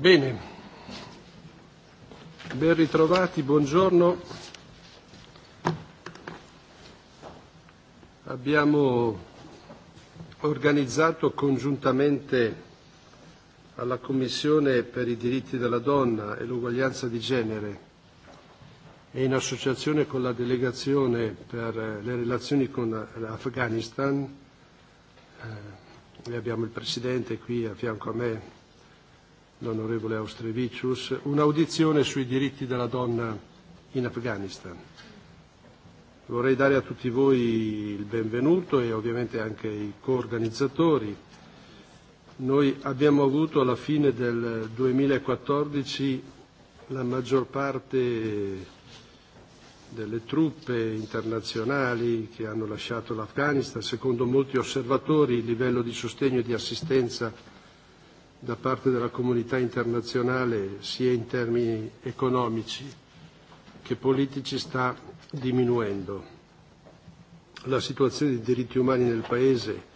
Bene, ben ritrovati, buongiorno. Abbiamo organizzato congiuntamente alla Commissione per i diritti della donna e l'uguaglianza di genere e in associazione con la delegazione per le relazioni con l'Afghanistan, eh, abbiamo il Presidente qui a fianco a me, l'onorevole Austrevicius, un'audizione sui diritti della donna in Afghanistan. Vorrei dare a tutti voi il benvenuto e ovviamente anche ai coorganizzatori. Noi abbiamo avuto alla fine del 2014 la maggior parte delle truppe internazionali che hanno lasciato l'Afghanistan, secondo molti osservatori il livello di sostegno e di assistenza da parte della comunità internazionale sia in termini economici che politici sta diminuendo. La situazione dei diritti umani nel Paese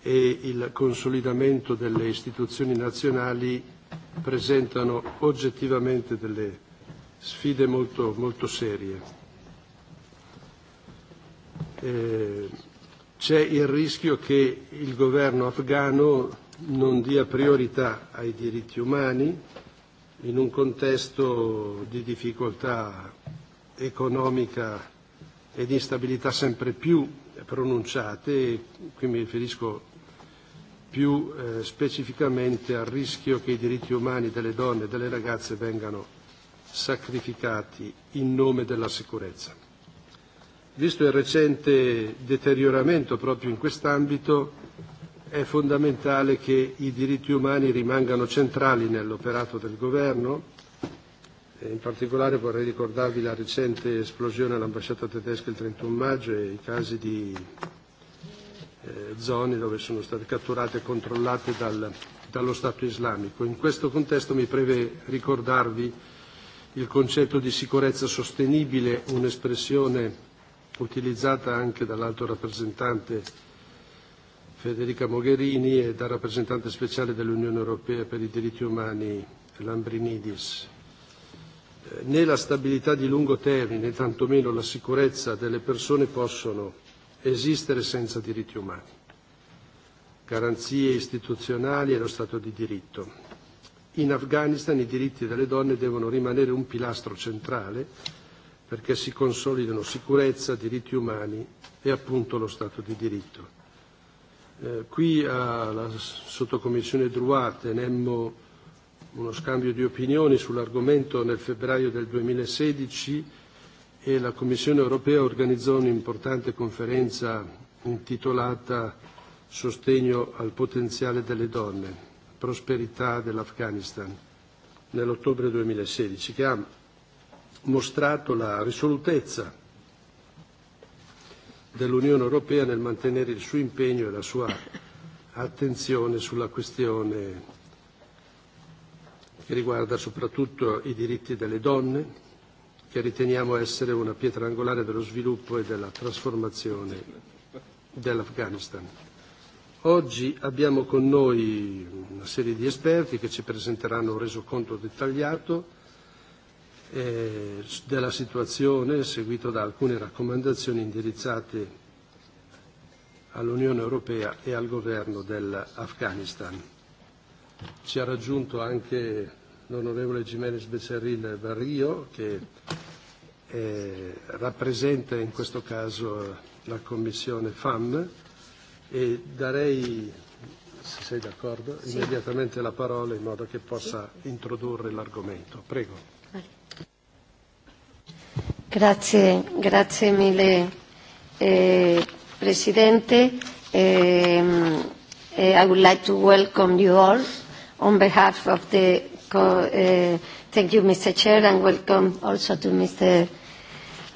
e il consolidamento delle istituzioni nazionali presentano oggettivamente delle sfide molto, molto serie. Eh, c'è il rischio che il governo afghano non dia priorità ai diritti umani in un contesto di difficoltà economica e di instabilità sempre più pronunciate e qui mi riferisco più eh, specificamente al rischio che i diritti umani delle donne e delle ragazze vengano sacrificati in nome della sicurezza. Visto il recente deterioramento proprio in quest'ambito, è fondamentale che i diritti umani rimangano centrali nell'operato del governo. E in particolare vorrei ricordarvi la recente esplosione all'ambasciata tedesca il 31 maggio e i casi di eh, zone dove sono state catturate e controllate dal, dallo Stato islamico. In questo contesto mi preve ricordarvi il concetto di sicurezza sostenibile, un'espressione utilizzata anche dall'alto rappresentante Federica Mogherini e dal rappresentante speciale dell'Unione Europea per i diritti umani Lambrinidis. Eh, né la stabilità di lungo termine, né tantomeno la sicurezza delle persone possono esistere senza diritti umani, garanzie istituzionali e lo Stato di diritto. In Afghanistan i diritti delle donne devono rimanere un pilastro centrale perché si consolidano sicurezza, diritti umani e appunto lo Stato di diritto Eh, qui alla sottocommissione Drua tenemmo uno scambio di opinioni sull'argomento nel febbraio del 2016 e la Commissione europea organizzò un'importante conferenza intitolata Sostegno al potenziale delle donne, prosperità dell'Afghanistan, nell'ottobre 2016, che ha mostrato la risolutezza dell'Unione Europea nel mantenere il suo impegno e la sua attenzione sulla questione che riguarda soprattutto i diritti delle donne, che riteniamo essere una pietra angolare dello sviluppo e della trasformazione dell'Afghanistan. Oggi abbiamo con noi una serie di esperti che ci presenteranno un resoconto dettagliato eh, della situazione, seguito da alcune raccomandazioni indirizzate all'Unione Europea e al governo dell'Afghanistan. Ci ha raggiunto anche l'onorevole Jiménez Becerril Barrio, che eh, rappresenta in questo caso la Commissione FAM e darei, se sei d'accordo, sì. immediatamente la parola in modo che possa sì. introdurre l'argomento. Prego. Grazie, grazie mille eh, Presidente. Eh, eh, I would like to welcome you all on behalf of the co uh, Thank you, Mr. Chair, and welcome also to Mr.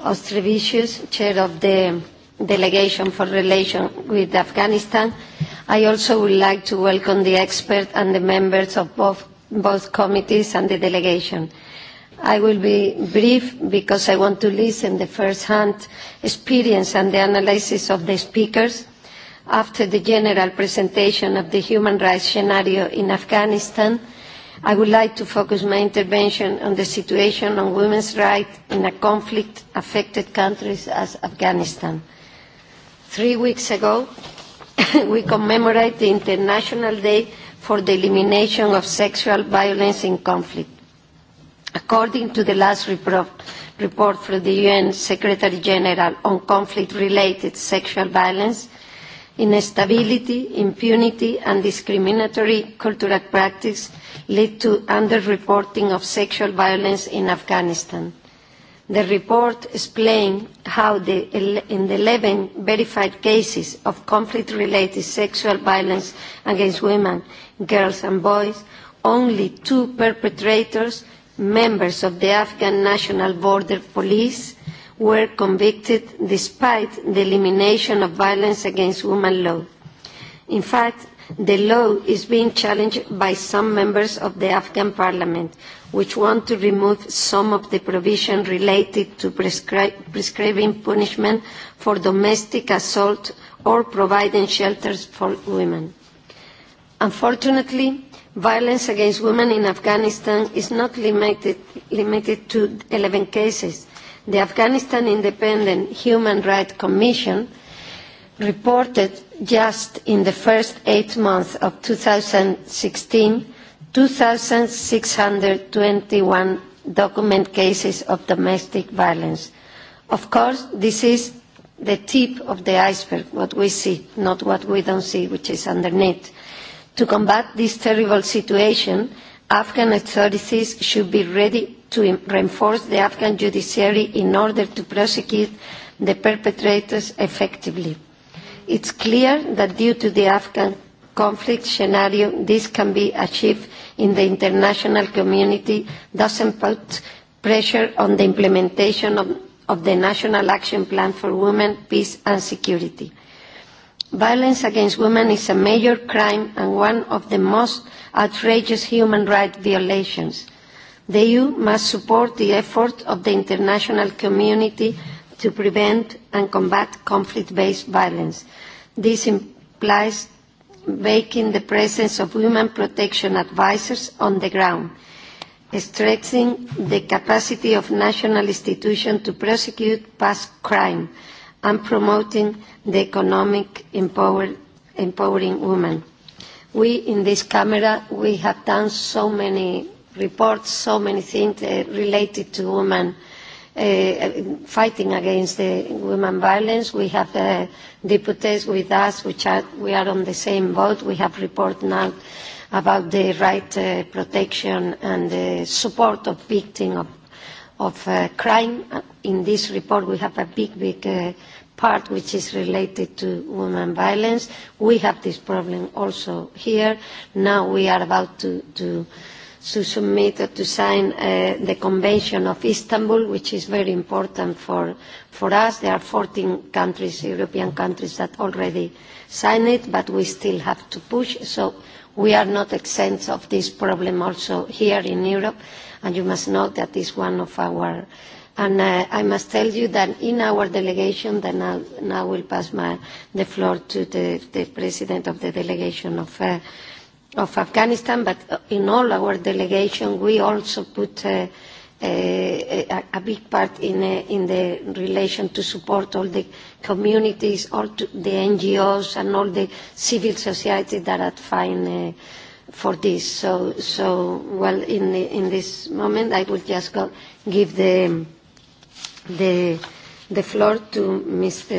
Ostrovicius, Chair of the Delegation for Relations with Afghanistan. I also would like to welcome the expert and the members of both, both committees and the delegation. Uh, I will be brief because I want to listen the first-hand experience and the analysis of the speakers after the general presentation of the human rights scenario in Afghanistan. I would like to focus my intervention on the situation on women's rights in a conflict-affected countries as Afghanistan. Three weeks ago, we commemorate the International Day for the Elimination of Sexual Violence in Conflict. According to the last report, report from the UN Secretary General on conflict-related sexual violence, instability, impunity and discriminatory cultural practice lead to underreporting of sexual violence in Afghanistan. The report explained how the, in the 11 verified cases of conflict-related sexual violence against women, girls and boys, only two perpetrators members of the Afghan National Border Police were convicted despite the elimination of violence against women law. In fact, the law is being challenged by some members of the Afghan parliament, which want to remove some of the provision related to prescri prescribing punishment for domestic assault or providing shelters for women. Unfortunately, Violence against women in Afghanistan is not limited, limited to 11 cases. The Afghanistan Independent Human Rights Commission reported just in the first eight months of 2016 2,621 document cases of domestic violence. Of course, this is the tip of the iceberg, what we see, not what we don't see, which is underneath. To combat this terrible situation, Afghan authorities should be ready to reinforce the Afghan judiciary in order to prosecute the perpetrators effectively. It's clear that due to the Afghan conflict scenario, this can be achieved in the international community, thus put pressure on the implementation of, of the National Action Plan for Women, Peace and Security – Violence against women is a major crime and one of the most outrageous human rights violations. The EU must support the effort of the international community to prevent and combat conflict-based violence. This implies making the presence of women protection advisors on the ground, strengthening the capacity of national institutions to prosecute past crime, and promoting the economic empower, empowering women. We in this camera, we have done so many reports, so many things uh, related to women uh, fighting against the women violence. We have uh, deputies with us, which are, we are on the same boat. We have report now about the right uh, protection and the support of victims of of uh, crime. In this report, we have a big, big uh, part which is related to women violence. We have this problem also here. Now we are about to, to, to submit or to sign uh, the Convention of Istanbul, which is very important for, for us. There are 14 countries, European countries, that already signed it, but we still have to push. So we are not exempt of this problem also here in Europe and you must know that is one of our And uh, I must tell you that in our delegation, that now, now will pass my, the floor to the, the president of the delegation of, uh, of Afghanistan, but uh, in all our delegation, we also put uh, a, uh, a, a big part in, uh, in the relation to support all the communities, all to the NGOs and all the civil society that are fighting uh, for this. So, so well, in, the, in this moment, I will just go, give the, the, the floor to Mr.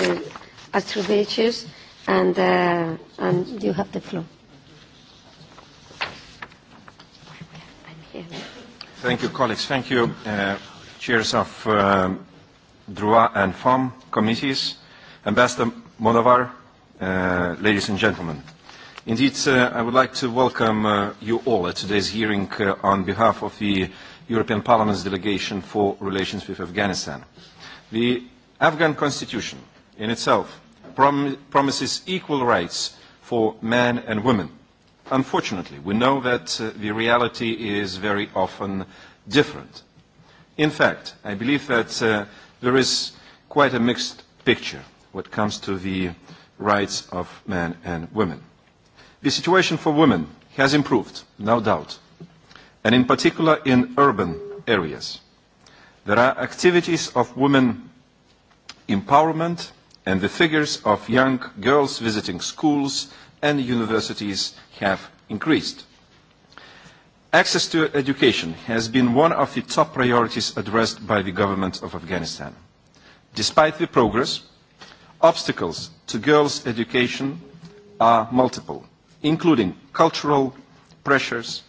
Astrobecius, and, uh, and you have the floor. Thank you, colleagues. Thank you, uh, chairs of um, DRUA and FOM committees, Ambassador Modavar, uh, ladies and gentlemen. Uh, Indeed, uh, I would like to welcome uh, you all at today's hearing uh, on behalf of the European Parliament's delegation for relations with Afghanistan. The Afghan constitution in itself prom promises equal rights for men and women. Unfortunately, we know that uh, the reality is very often different. In fact, I believe that uh, there is quite a mixed picture when it comes to the rights of men and women. The situation for women has improved, no doubt, and in particular in urban areas. There are activities of women empowerment, and the figures of young girls visiting schools and universities have increased. Access to education has been one of the top priorities addressed by the government of Afghanistan. Despite the progress, obstacles to girls' education are multiple including cultural pressures,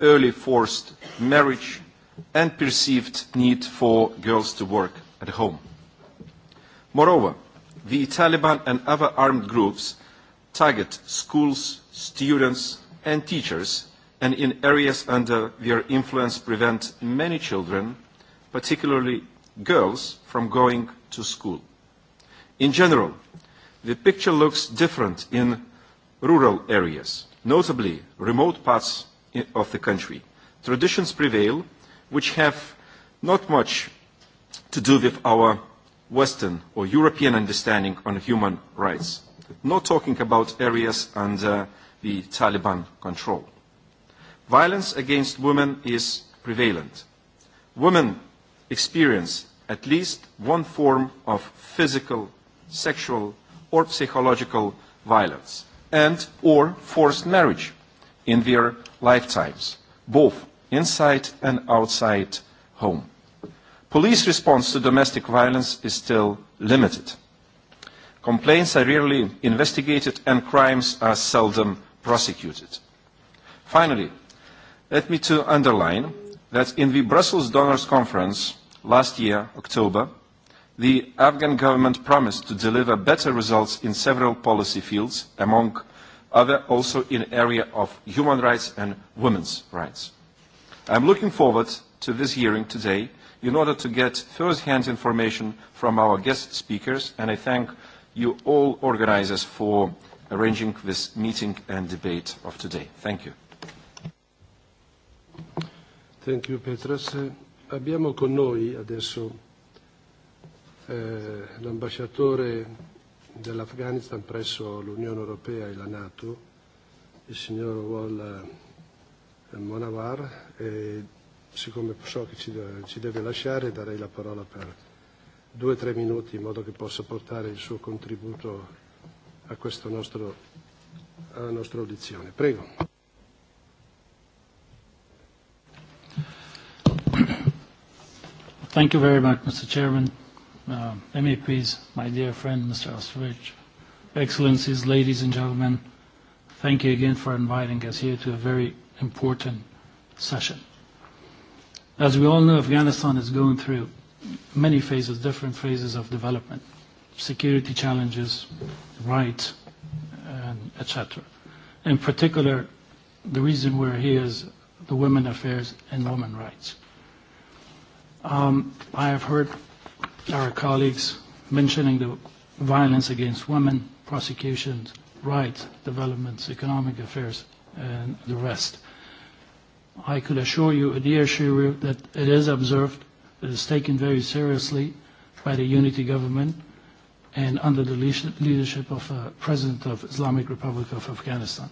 early forced marriage, and perceived need for girls to work at home. Moreover, the Taliban and other armed groups target schools, students, and teachers, and in areas under their influence prevent many children, particularly girls, from going to school. In general, the picture looks different in rural areas, notably remote parts of the country. Traditions prevail which have not much to do with our Western or European understanding on human rights, not talking about areas under the Taliban control. Violence against women is prevalent. Women experience at least one form of physical, sexual or psychological violence and or forced marriage in their lifetimes, both inside and outside home. Police response to domestic violence is still limited. Complaints are rarely investigated and crimes are seldom prosecuted. Finally, let me to underline that in the Brussels Donors Conference last year, October, the Afghan government promised to deliver better results in several policy fields, among other also in area of human rights and women's rights. I'm looking forward to this hearing today in order to get first-hand information from our guest speakers, and I thank you all organizers for arranging this meeting and debate of today. Thank you. Thank you, Petras. Abbiamo con noi adesso eh, l'ambasciatore dell'Afghanistan presso l'Unione Europea e la Nato, il signor Wal eh, Monavar, e siccome so che ci, ci deve lasciare darei la parola per due o tre minuti in modo che possa portare il suo contributo a questo nostro, alla nostra audizione. Prego. Thank you very much, Mr. Chairman uh, MEPs, my dear friend Mr. Ostrovich, Excellencies, ladies and gentlemen, thank you again for inviting us here to a very important session. As we all know, Afghanistan is going through many phases, different phases of development, security challenges, rights, and etc. In particular, the reason we're here is the women affairs and women rights. Um, I have heard our colleagues mentioning the violence against women, prosecutions, rights, developments, economic affairs, and the rest. I could assure you, dear Shiru, that it is observed, it is taken very seriously by the unity government and under the leadership of uh, President of Islamic Republic of Afghanistan.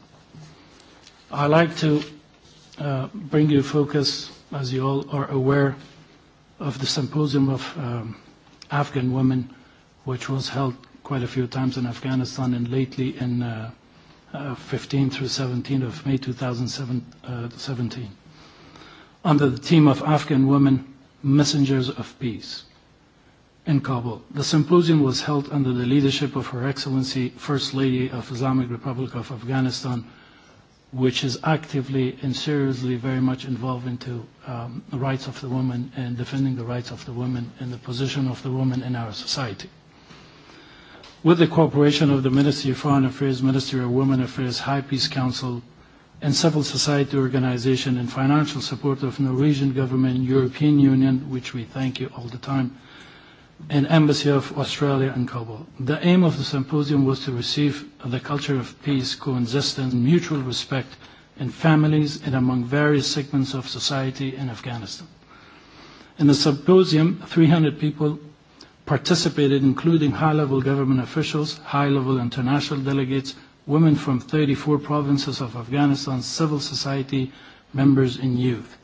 I'd like to uh, bring you focus, as you all are aware, of the symposium of um, Afghan women, which was held quite a few times in Afghanistan, and lately in uh, uh, 15 through 17 of May 2017, uh, under the theme of Afghan Women, Messengers of Peace in Kabul. The symposium was held under the leadership of Her Excellency First Lady of Islamic Republic of Afghanistan, which is actively and seriously very much involved into um, the rights of the woman and defending the rights of the woman and the position of the woman in our society. With the cooperation of the Ministry of Foreign Affairs, Ministry of Women Affairs, High Peace Council, and civil society organization and financial support of Norwegian government and European Union, which we thank you all the time, and Embassy of Australia in Kabul. The aim of the symposium was to receive the culture of peace, coexistence, mutual respect in families and among various segments of society in Afghanistan. In the symposium, 300 people participated, including high-level government officials, high-level international delegates, women from 34 provinces of Afghanistan, civil society members, and youth.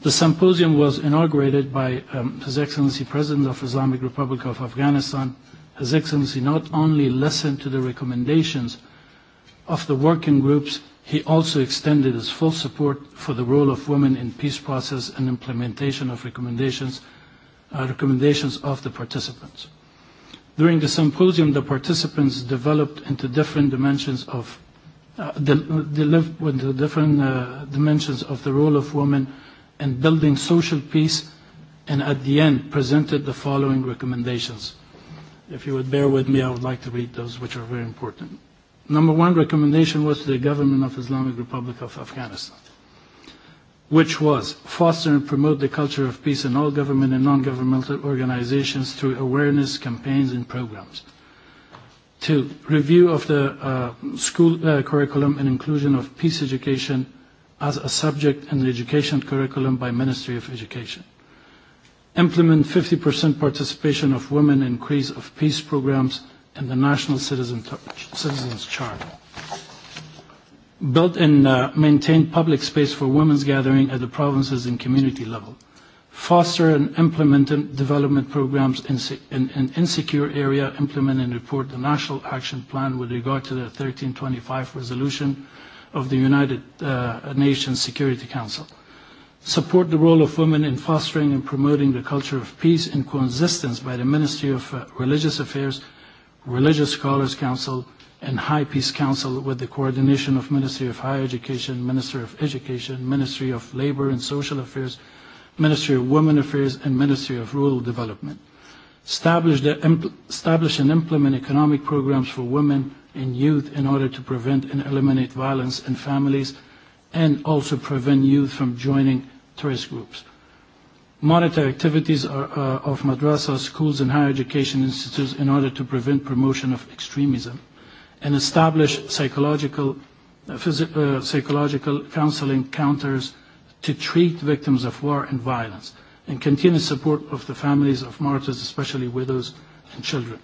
The symposium was inaugurated by um, His Excellency President of Islamic Republic of Afghanistan. His Excellency not only listened to the recommendations of the working groups, he also extended his full support for the role of women in peace process and implementation of recommendations, uh, recommendations of the participants. During the symposium, the participants developed into different dimensions of uh, the, the, into different uh, dimensions of the role of women and building social peace, and at the end presented the following recommendations. If you would bear with me, I would like to read those, which are very important. Number one recommendation was to the government of Islamic Republic of Afghanistan, which was foster and promote the culture of peace in all government and non-governmental organizations through awareness campaigns and programs. Two, review of the uh, school uh, curriculum and inclusion of peace education as a subject in the education curriculum by Ministry of Education. Implement 50% participation of women in increase of peace programs in the National Citizen Citizens Charter. Build and uh, maintain public space for women's gathering at the provinces and community level. Foster and implement development programs in, in, in insecure area, implement and report the National Action Plan with regard to the 1325 resolution of the United uh, Nations Security Council. Support the role of women in fostering and promoting the culture of peace and coexistence by the Ministry of uh, Religious Affairs, Religious Scholars Council, and High Peace Council with the coordination of Ministry of Higher Education, Ministry of Education, Ministry of Labor and Social Affairs, Ministry of Women Affairs, and Ministry of Rural Development establish, the, impl, establish and implement economic programs for women and youth in order to prevent and eliminate violence in families and also prevent youth from joining terrorist groups. Monitor activities are, uh, of madrasa schools and higher education institutes in order to prevent promotion of extremism and establish psychological, uh, phys- uh, psychological counseling counters to treat victims of war and violence. Uh, and continued support of the families of martyrs, especially widows and children.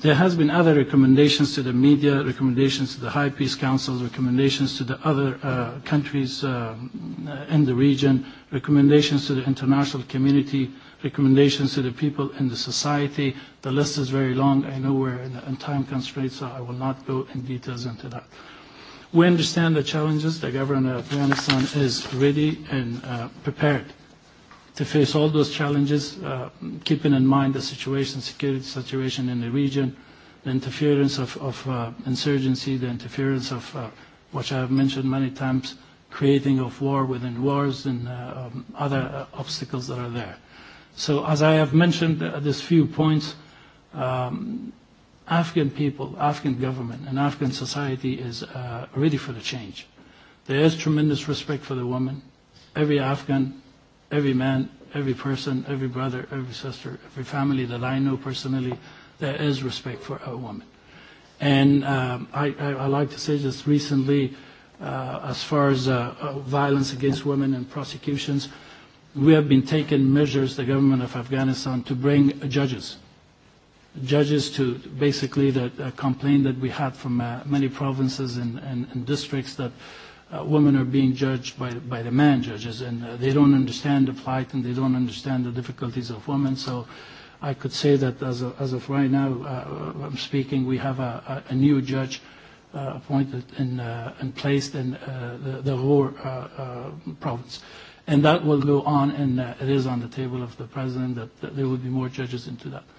There has been other recommendations to the media, recommendations to the High Peace Council, recommendations to the other uh, countries um, uh, in the region, recommendations to the international community, recommendations to the people in the society. The list is very long. I know we're in, in time constraints, so I will not go in details into that. We understand the challenges. The government of Afghanistan is ready and uh, prepared to face all those challenges, uh, keeping in mind the situation, security situation in the region, the interference of, of uh, insurgency, the interference of, uh, which I have mentioned many times, creating of war within wars and uh, um, other uh, obstacles that are there. So as I have mentioned at uh, these few points, um, Afghan people, Afghan government, and Afghan society is uh, ready for the change. There is tremendous respect for the woman. Every Afghan every man, every person, every brother, every sister, every family that I know personally, there is respect for a woman. And um, I, I, I like to say just recently, uh, as far as uh, uh, violence against women and prosecutions, we have been taking measures, the government of Afghanistan, to bring judges. Judges to basically the uh, complaint that we had from uh, many provinces and, and, and districts that uh, women are being judged by, by the man judges, and uh, they don't understand the plight and they don't understand the difficulties of women. So I could say that as of, as of right now, uh, uh, I'm speaking, we have a, a, a new judge uh, appointed and, uh, and placed in uh, the, the Ruhr uh, uh, province. And that will go on, and uh, it is on the table of the president that, that there will be more judges into that. Uh,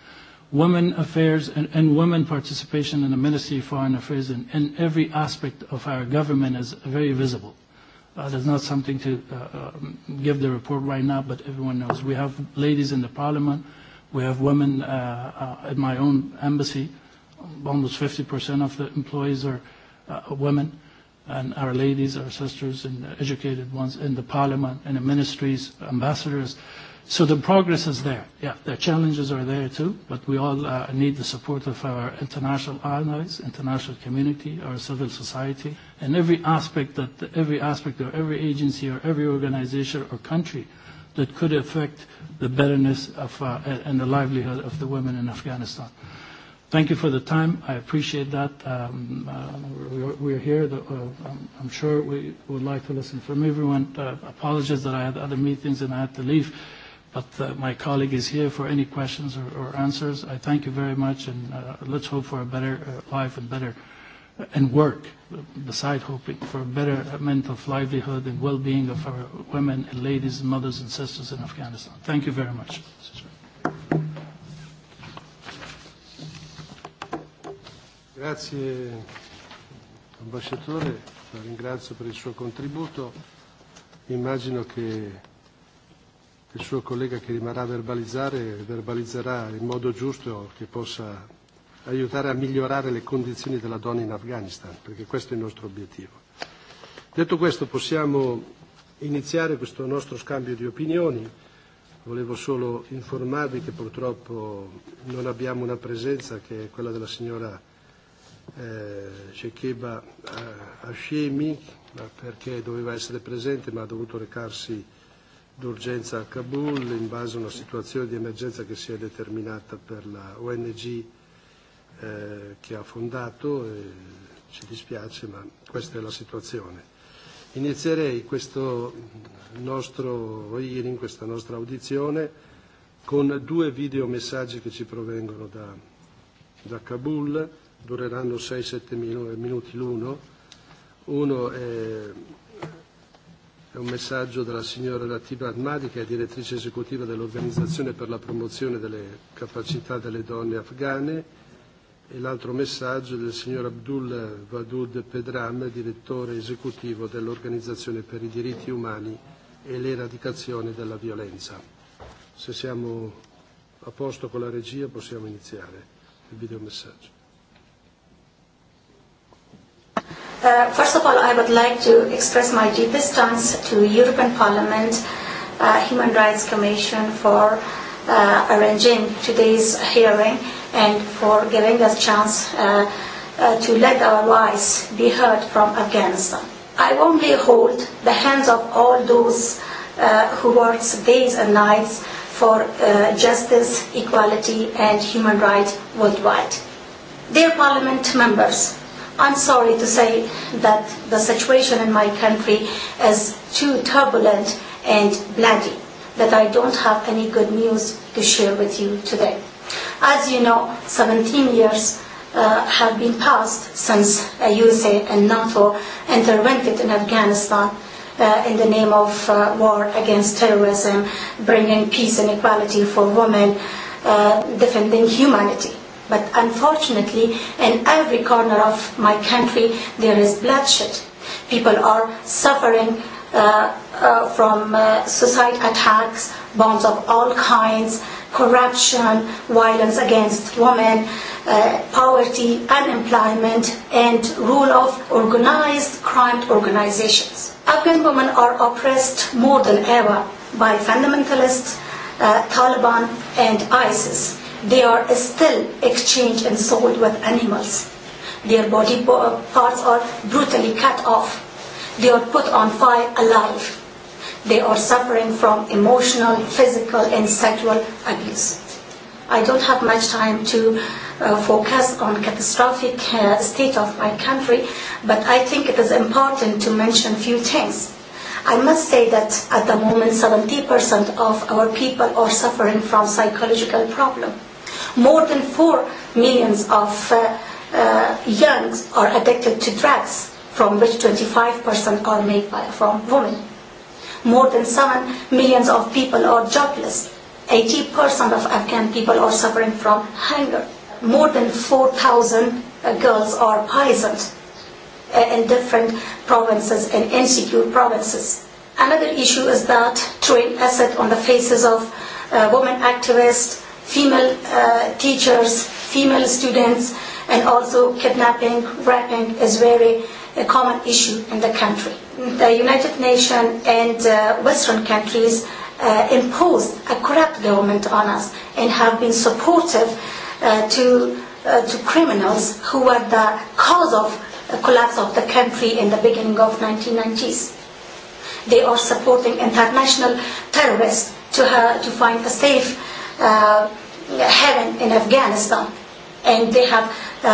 women affairs and, and women participation in the Ministry of Foreign Affairs in, in every aspect of our government is very visible. Uh, that's not something to uh, uh, give the report right now, but everyone knows. We have ladies in the parliament. We have women uh, uh, at my own embassy. Almost 50% of the employees are uh, women. And our ladies, our sisters, and educated ones in the parliament, in the ministries, ambassadors. Uh, So the progress is there. Yeah, the challenges are there too, but we all uh, need the support of our international allies, international community, our civil society, and every aspect that every aspect or every agency or every organization or country that could affect the betterness of uh, and the livelihood of the women in Afghanistan. Thank you for the time. I appreciate that. Um, uh, we're, we're here. The, uh, I'm sure we would like to listen from everyone. Uh, apologies that I had other meetings and I had to leave. But uh, my colleague is here for any questions or, or answers. I thank you very much, and uh, let's hope for a better uh, life and better uh, and work, beside hoping for a better uh, mental livelihood and well-being of our women and ladies, mothers and sisters in Afghanistan. Thank you very much. Grazie ambasciatore, la ringrazio per il suo contributo. Immagino che il suo collega che rimarrà a verbalizzare verbalizzerà in modo giusto che possa aiutare a migliorare le condizioni della donna in Afghanistan, perché questo è il nostro obiettivo. Detto questo possiamo iniziare questo nostro scambio di opinioni. Volevo solo informarvi che purtroppo non abbiamo una presenza che è quella della signora eh, Shekeba eh, Hashemi, perché doveva essere presente ma ha dovuto recarsi d'urgenza a Kabul in base a una situazione di emergenza che si è determinata per la ONG eh, che ha fondato, e ci dispiace ma questa è la situazione. Inizierei questo nostro hearing, questa nostra audizione, con due videomessaggi che ci provengono da, da Kabul, dureranno 6-7 minuti l'uno. Uno è È un messaggio della signora Ratti Bradmadi, che è direttrice esecutiva dell'Organizzazione per la promozione delle capacità delle donne afghane, e l'altro messaggio del signor Abdul Wadud Pedram, direttore esecutivo dell'Organizzazione per i diritti umani e l'eradicazione della violenza. Se siamo a posto con la regia possiamo iniziare il videomessaggio. Uh, first of all, I would like to express my deepest thanks to European Parliament, uh, Human Rights Commission for uh, arranging today's hearing and for giving us chance uh, uh, to let our voice be heard from Afghanistan. I warmly hold the hands of all those uh, who work days and nights for uh, justice, equality and human rights worldwide. Dear Parliament members, I'm sorry to say that the situation in my country is too turbulent and bloody that I don't have any good news to share with you today. As you know, 17 years uh, have been passed since uh, USA and NATO intervened in Afghanistan uh, in the name of uh, war against terrorism, bringing peace and equality for women, uh, defending humanity. But unfortunately, in every corner of my country, there is bloodshed. People are suffering uh, uh, from uh, suicide attacks, bombs of all kinds, corruption, violence against women, uh, poverty, unemployment, and rule of organized crime organizations. Afghan women are oppressed more than ever by fundamentalists, uh, Taliban, and ISIS They are still exchanged and sold with animals. Their body parts are brutally cut off. They are put on fire alive. They are suffering from emotional, physical, and sexual abuse. I don't have much time to uh, focus on catastrophic uh, state of my country, but I think it is important to mention few things. I must say that at the moment 70% of our people are suffering from psychological problem. More than 4 millions of uh, uh, youngs are addicted to drugs, from which 25% are made by, from women. More than 7 millions of people are jobless. 80% of Afghan people are suffering from hunger. More than 4,000 uh, girls are poisoned uh, in different provinces and insecure provinces. Another issue is that train asset on the faces of uh, women activists, female uh, teachers, female students, and also kidnapping, raping is very a uh, common issue in the country. The United Nations and uh, Western countries uh, imposed a corrupt government on us and have been supportive uh, to, uh, to criminals who were the cause of the collapse of the country in the beginning of 1990s. They are supporting international terrorists to, uh, to find a safe uh, had in Afghanistan. And they have uh,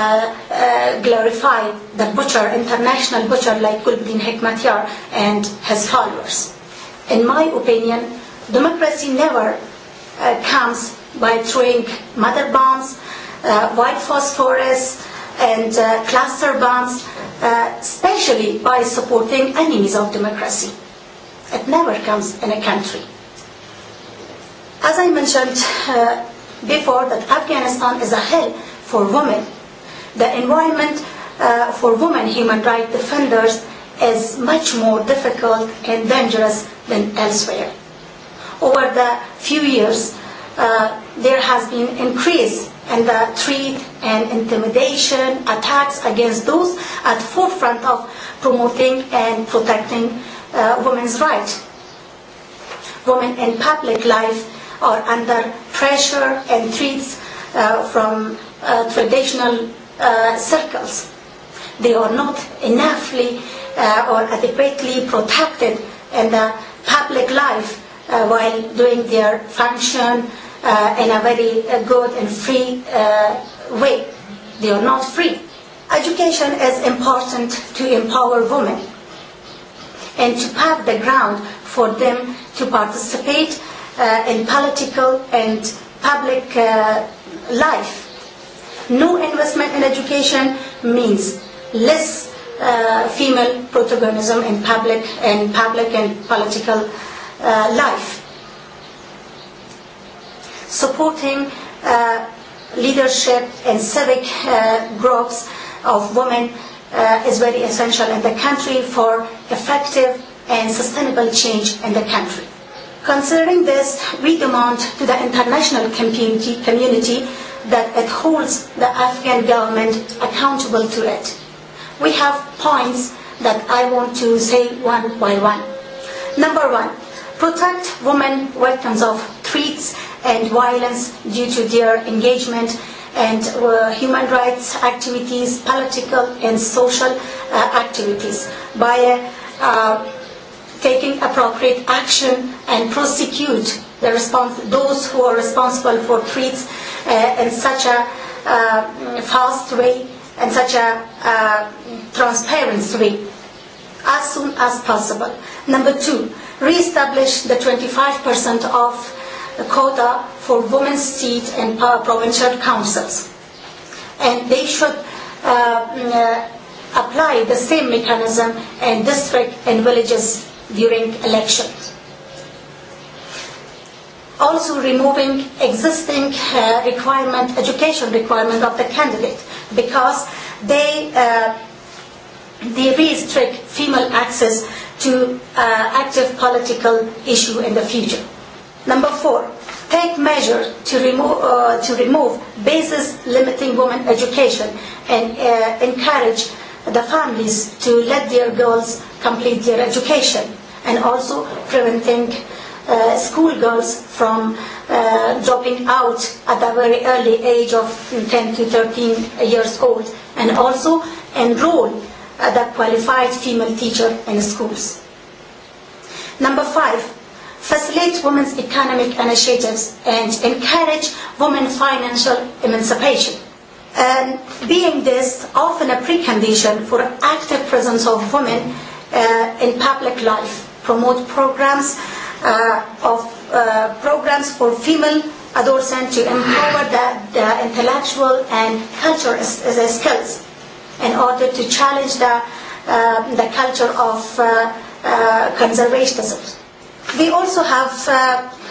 uh, glorified the butcher, international butcher like Gulbuddin Hekmatyar and his followers. In my opinion, democracy never uh, comes by throwing mother bombs, uh, white phosphorus, and uh, cluster bombs, uh, especially by supporting enemies of democracy. It never comes in a country. As I mentioned uh, before, that Afghanistan is a hell for women. The environment uh, for women human rights defenders is much more difficult and dangerous than elsewhere. Over the few years, uh, there has been increase in the treat and intimidation attacks against those at forefront of promoting and protecting uh, women's rights. Women in public life or under pressure and threats uh, from uh, traditional uh, circles. They are not enoughly uh, or adequately protected in the public life uh, while doing their function uh, in a very uh, good and free uh, way. They are not free. Education is important to empower women and to pave the ground for them to participate uh, uh, in political and public uh, life. No investment in education means less uh, female protagonism in public and public and political uh, life. Supporting uh, leadership and civic uh, groups of women uh, is very essential in the country for effective and sustainable change in the country. Considering this, we demand to the international community, community that it holds the Afghan government accountable to it. We have points that I want to say one by one. Number one, protect women victims of threats and violence due to their engagement and uh, human rights activities, political and social uh, activities by uh, uh, taking appropriate action and prosecute the respons- those who are responsible for threats uh, in such a uh, fast way and such a uh, transparent way as soon as possible. Number two, re-establish the 25% of quota for women's seats in provincial councils. And they should uh, mm, uh, apply the same mechanism in district and villages during elections. Also removing existing uh, requirement, education requirement of the candidate because they uh, they restrict female access to uh, active political issue in the future. Number four, take measures to remove uh, to remove basis limiting women education and uh, encourage the families to let their girls complete their education and also preventing uh, schoolgirls from uh, dropping out at a very early age of 10 to 13 years old, and also enroll uh, the qualified female teacher in schools. Number five, facilitate women's economic initiatives and encourage women's financial emancipation. And being this often a precondition for active presence of women uh, in public life promote programs uh, of uh, programs for female adolescents to empower the, the intellectual and cultural skills in order to challenge the, uh, the culture of uh, uh, conservatism. They also have uh,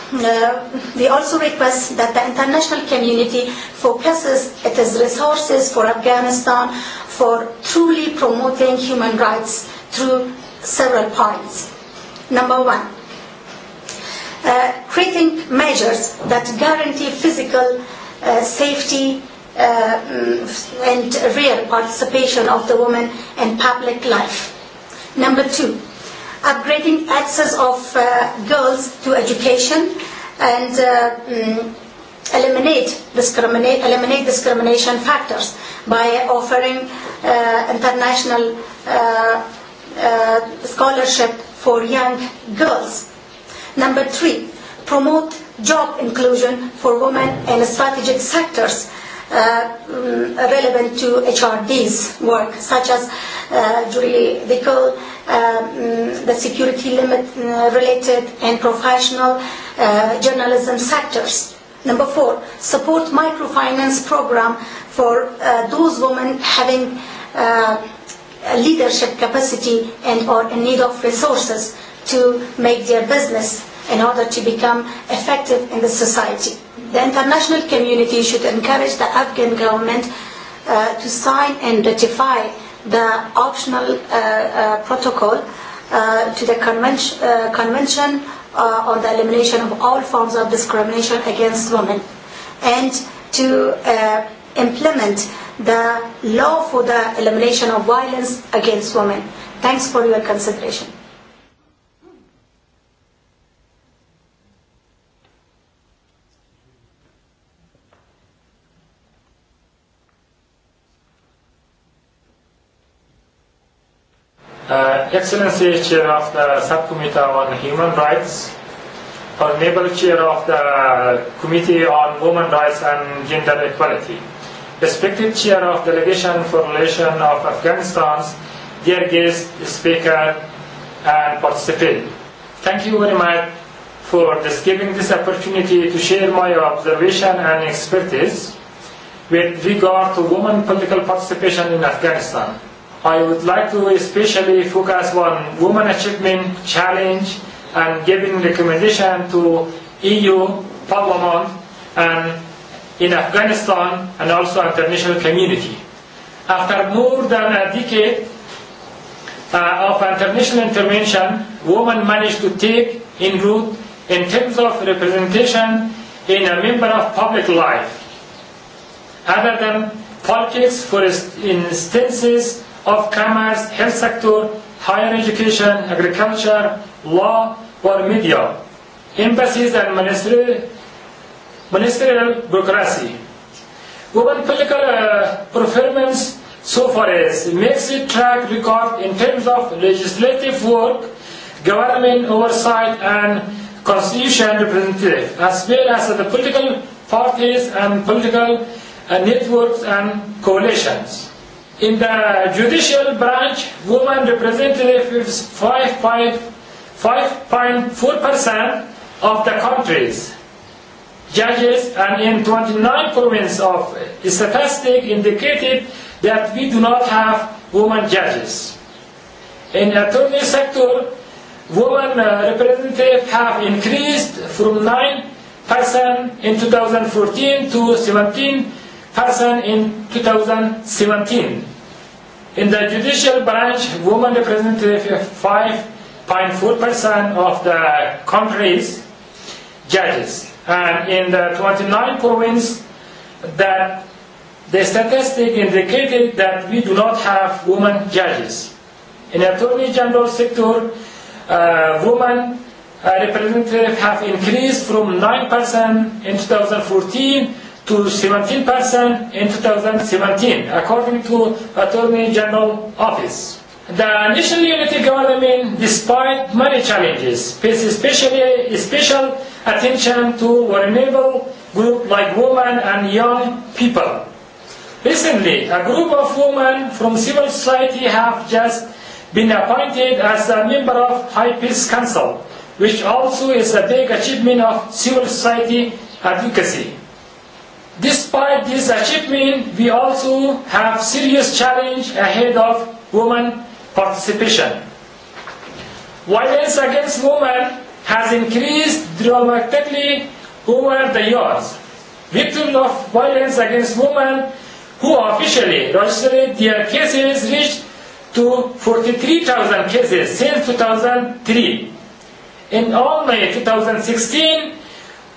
uh, they also request that the international community focuses its resources for Afghanistan for truly promoting human rights through several points. Number one, uh, creating measures that guarantee physical uh, safety uh, mm, and real participation of the woman in public life. Number two, upgrading access of uh, girls to education and uh, um, eliminate, discriminate, eliminate discrimination factors by offering uh, international uh, uh, scholarship for young girls. Number three, promote job inclusion for women in strategic sectors uh, mm, relevant to HRD's work, such as uh, really they call uh, mm, the security limit mm, related and professional uh, journalism sectors. Number four, support microfinance program for uh, those women having uh, leadership capacity and or in need of resources to make their business in order to become effective in the society. The international community should encourage the Afghan government uh, to sign and ratify the optional uh, uh, protocol uh, to the convention, uh, convention uh, on the elimination of all forms of discrimination against women and to uh, implement uh, the law for the elimination of violence against women. Thanks for your consideration. Uh, Excellency Chair of the Subcommittee on Human Rights, Honorable Chair of the Committee on Women Rights and Gender Equality, respected chair of delegation for relation of Afghanistan's dear guest speaker and participant. Thank you very much for this, giving this opportunity to share my observation and expertise with regard to women political participation in Afghanistan. I would like to especially focus on women achievement challenge and giving recommendation to EU Parliament and in Afghanistan and also international community. After more than a decade uh, of international intervention, women managed to take en route in terms of representation in a member of public life. Other than politics, for instances of commerce, health sector, higher education, agriculture, law, or media, embassies and ministerial ministerial bureaucracy. Women political uh, performance so far as makes it track record in terms of legislative work, government oversight and constitution representative, as well as the political parties and political uh, networks and coalitions. In the judicial branch, women representative is 5.4% of the countries judges, and in 29 provinces of statistic indicated that we do not have women judges. In attorney sector, women uh, representatives have increased from 9% in 2014 to 17% in 2017. In the judicial branch, women representative 5.4% of the country's judges and in the 29 province that the statistic indicated that we do not have women judges. In attorney general sector, uh, women uh, representatives have increased from 9% in 2014 to 17% in 2017, according to Attorney General Office. The national unity government, despite many challenges, faces especially, especially attention to vulnerable group like women and young people. Recently, a group of women from civil society have just been appointed as a member of High Peace Council, which also is a big achievement of civil society advocacy. Despite this achievement, we also have serious challenge ahead of women participation. Violence against women has increased dramatically over the years. Victims of violence against women who officially registered their cases reached to 43,000 cases since 2003. In all May 2016,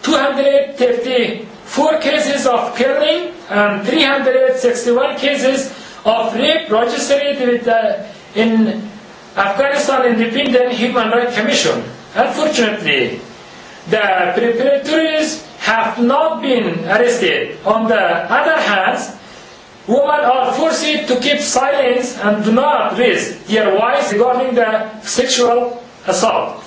254 cases of killing and 361 cases of rape registered with the, in Afghanistan Independent Human Rights Commission. Unfortunately, the preparatories have not been arrested. On the other hand, women are forced to keep silence and do not raise their voice regarding the sexual assault.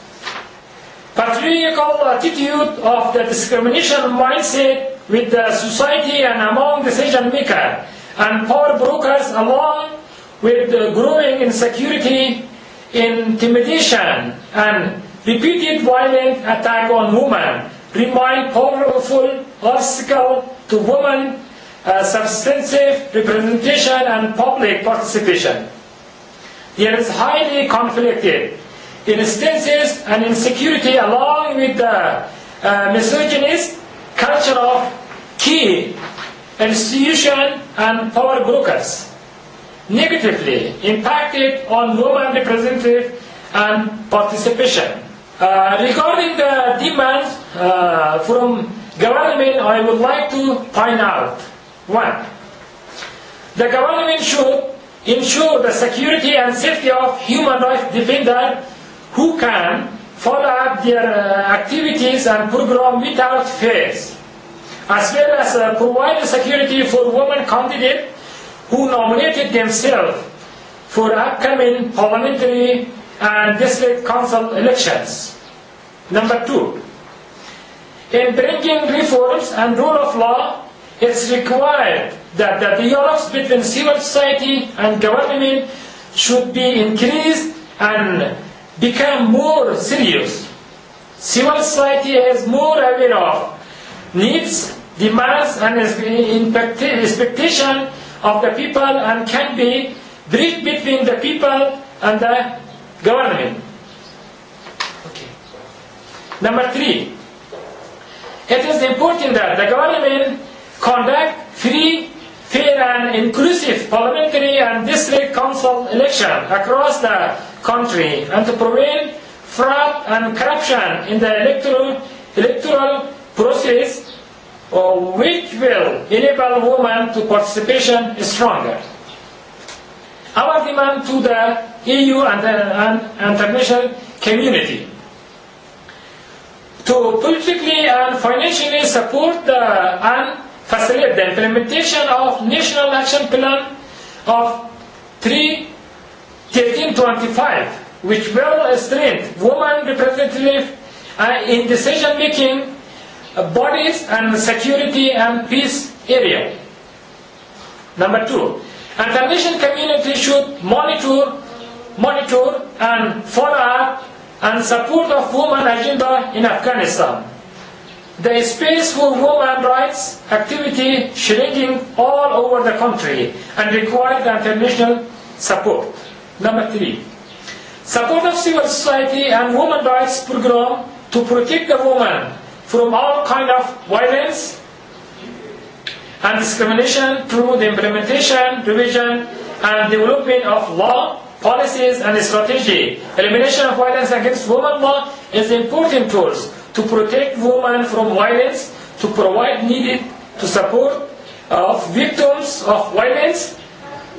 Patriarchal attitude of the discrimination mindset with the society and among decision makers and power brokers along with the growing insecurity, intimidation and Repeated violent attack on women remain powerful obstacle to women uh, substantive representation and public participation. There is highly conflicted instances and insecurity along with the uh, misogynist culture of key institution and power brokers negatively impacted on women representative and participation. Uh, regarding the demand uh, from government, I would like to point out. One, the government should ensure the security and safety of human rights defenders who can follow up their uh, activities and program without fears, as well as uh, provide security for women candidates who nominated themselves for upcoming parliamentary and district council elections. Number two, in bringing reforms and rule of law, it's required that the dialogues between civil society and government should be increased and become more serious. Civil society is more aware of needs, demands, and expectation of the people and can be bridge between the people and the government. Okay. Number three, it is important that the government conduct free, fair and inclusive parliamentary and district council election across the country and to prevent fraud and corruption in the electoral, electoral process which will enable women to participation stronger our demand to the EU and, uh, and international community to politically and financially support the, and facilitate the implementation of National Action Plan of 3.1325, which will strengthen women representative uh, in decision-making bodies and security and peace area. Number two, International community should monitor, monitor and follow up and support of women agenda in Afghanistan. The space for women rights activity shrinking all over the country and requires international support. Number three, support of civil society and women rights program to protect the woman from all kind of violence and discrimination through the implementation, revision, and development of law, policies, and strategy. Elimination of violence against women law is important tools to protect women from violence, to provide needed to support uh, of victims of violence.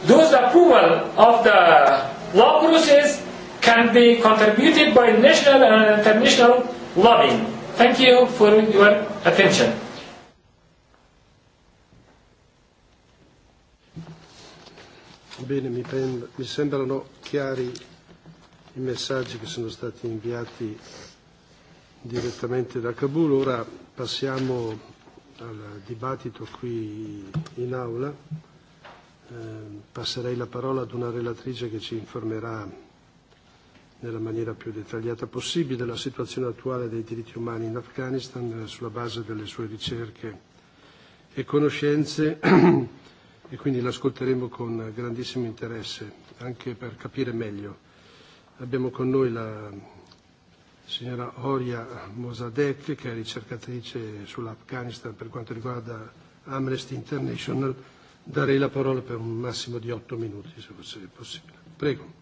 Those approval of the law process can be contributed by national and international lobbying. Thank you for your attention. Bene, mi, prendo, mi sembrano chiari i messaggi che sono stati inviati direttamente da Kabul. Ora passiamo al dibattito qui in aula. Eh, passerei la parola ad una relatrice che ci informerà nella maniera più dettagliata possibile della situazione attuale dei diritti umani in Afghanistan sulla base delle sue ricerche e conoscenze e quindi l'ascolteremo con grandissimo interesse, anche per capire meglio. Abbiamo con noi la signora Horia Mosadek, che è ricercatrice sull'Afghanistan per quanto riguarda Amnesty International. Darei la parola per un massimo di otto minuti, se fosse possibile. Prego.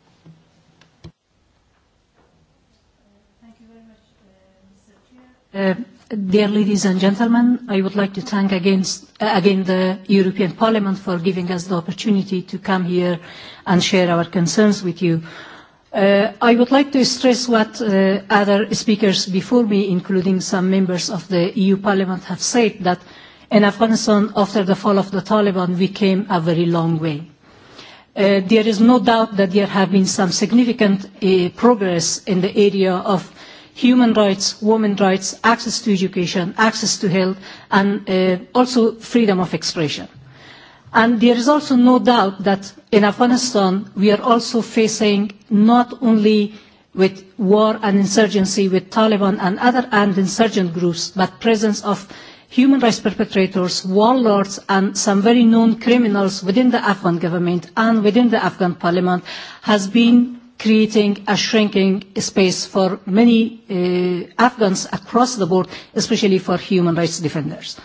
Uh, dear ladies and gentlemen, I would like to thank against, uh, again the European Parliament for giving us the opportunity to come here and share our concerns with you. Uh, I would like to stress what uh, other speakers before me, including some members of the EU Parliament, have said, that in Afghanistan, after the fall of the Taliban, we came a very long way. Uh, there is no doubt that there have been some significant uh, progress in the area of human rights, women rights, access to education, access to health, and uh, also freedom of expression. And there is also no doubt that in Afghanistan we are also facing not only with war and insurgency with Taliban and other and insurgent groups, but presence of human rights perpetrators, warlords, and some very known criminals within the Afghan government and within the Afghan parliament has been creating a shrinking space for many uh, Afghans across the board, especially for human rights defenders.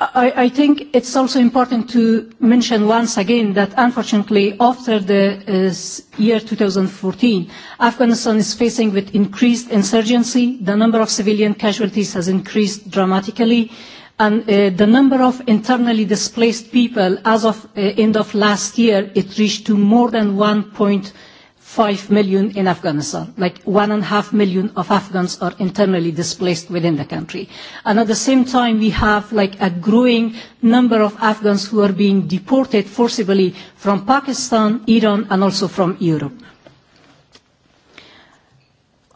I, I think it's also important to mention once again that unfortunately after the uh, year 2014, Afghanistan is facing with increased insurgency. The number of civilian casualties has increased dramatically. Uh, and uh, the number of internally displaced people as of uh, end of last year, it reached to more than 1.5 million in Afghanistan. Like 1.5 million of Afghans are internally displaced within the country. And at the same time, we have like a growing number of Afghans who are being deported forcibly from Pakistan, Iran, and also from Europe.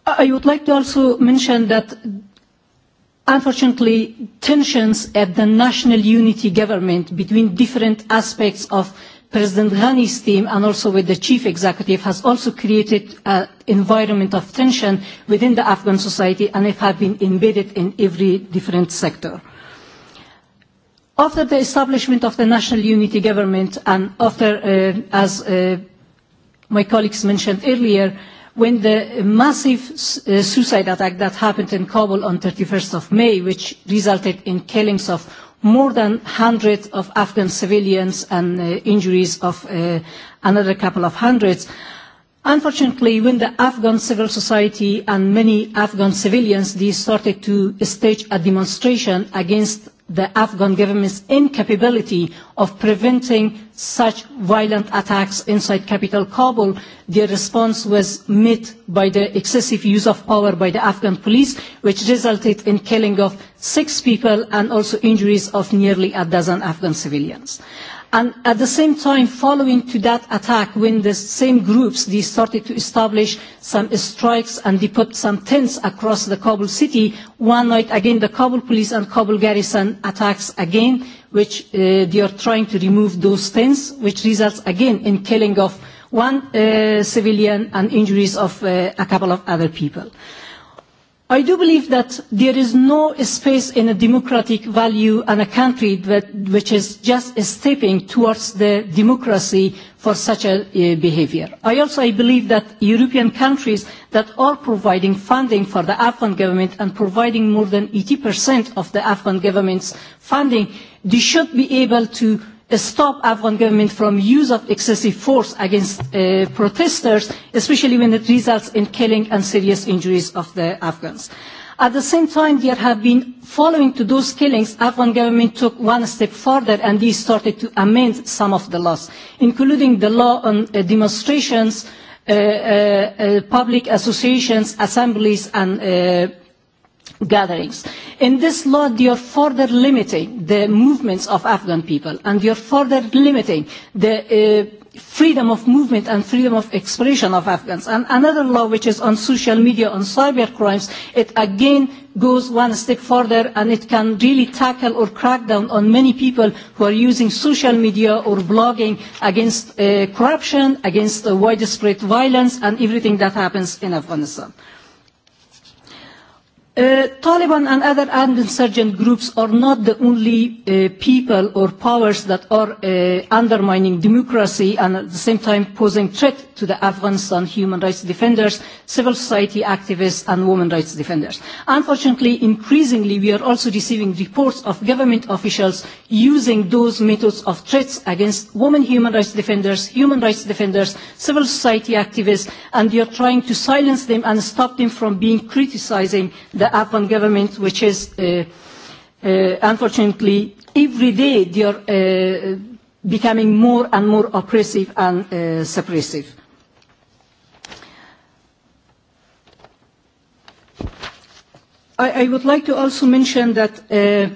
I would like to also mention that unfortunately, tensions at the national unity government between different aspects of President Ghani's team and also with the chief executive has also created an environment of tension within the Afghan society and it have been embedded in every different sector. After the establishment of the national unity government and after, uh, as uh, my colleagues mentioned earlier, uh, when the massive uh, suicide attack that happened in Kabul on 31st of May, which resulted in killings of more than 100 of Afghan civilians and uh, injuries of uh, another couple of hundreds. Unfortunately, when the Afghan civil society and many Afghan civilians, they started to stage a demonstration against the Afghan government's incapability of preventing such violent attacks inside capital Kabul, their response was met by the excessive use of power by the Afghan police, which resulted in killing of six people and also injuries of nearly a dozen Afghan civilians. And at the same time, following to that attack, when the same groups, they started to establish some strikes and they put some tents across the Kabul city, one night again the Kabul police and Kabul garrison attacks again, which uh, they are trying to remove those tents, which results again in killing of one uh, civilian and injuries of uh, a couple of other people. Uh, I do believe that there is no space in a democratic value and a country that, which is just stepping towards the democracy for such a uh, behavior. I also I believe that European countries that are providing funding for the Afghan government and providing more than 80% of the Afghan government's funding, they should be able to uh, stop Afghan government from use of excessive force against uh, protesters, especially when it results in killing and serious injuries of the Afghans. At the same time, there have been, following to those killings, Afghan government took one step further and they started to amend some of the laws, including the law on uh, demonstrations, uh, uh, uh, public associations, assemblies, and uh, gatherings. In this law, you're further limiting the movements of Afghan people and you're further limiting the uh, freedom of movement and freedom of expression of Afghans. And another law, which is on social media, on cyber crimes, it again goes one step further and it can really tackle or crack down on many people who are using social media or blogging against uh, corruption, against uh, widespread violence and everything that happens in Afghanistan. Uh, Uh, Taliban and other insurgent groups are not the only uh, people or powers that are uh, undermining democracy and at the same time posing threat to the Afghanistan human rights defenders, civil society activists and women rights defenders. Unfortunately, increasingly we are also receiving reports of government officials using those methods of threats against women human rights defenders, human rights defenders, civil society activists, and they are trying to silence them and stop them from being criticizing the the Afghan government, which is uh, uh, unfortunately every day they are uh, becoming more and more oppressive and uh, suppressive. I, I would like to also mention that uh,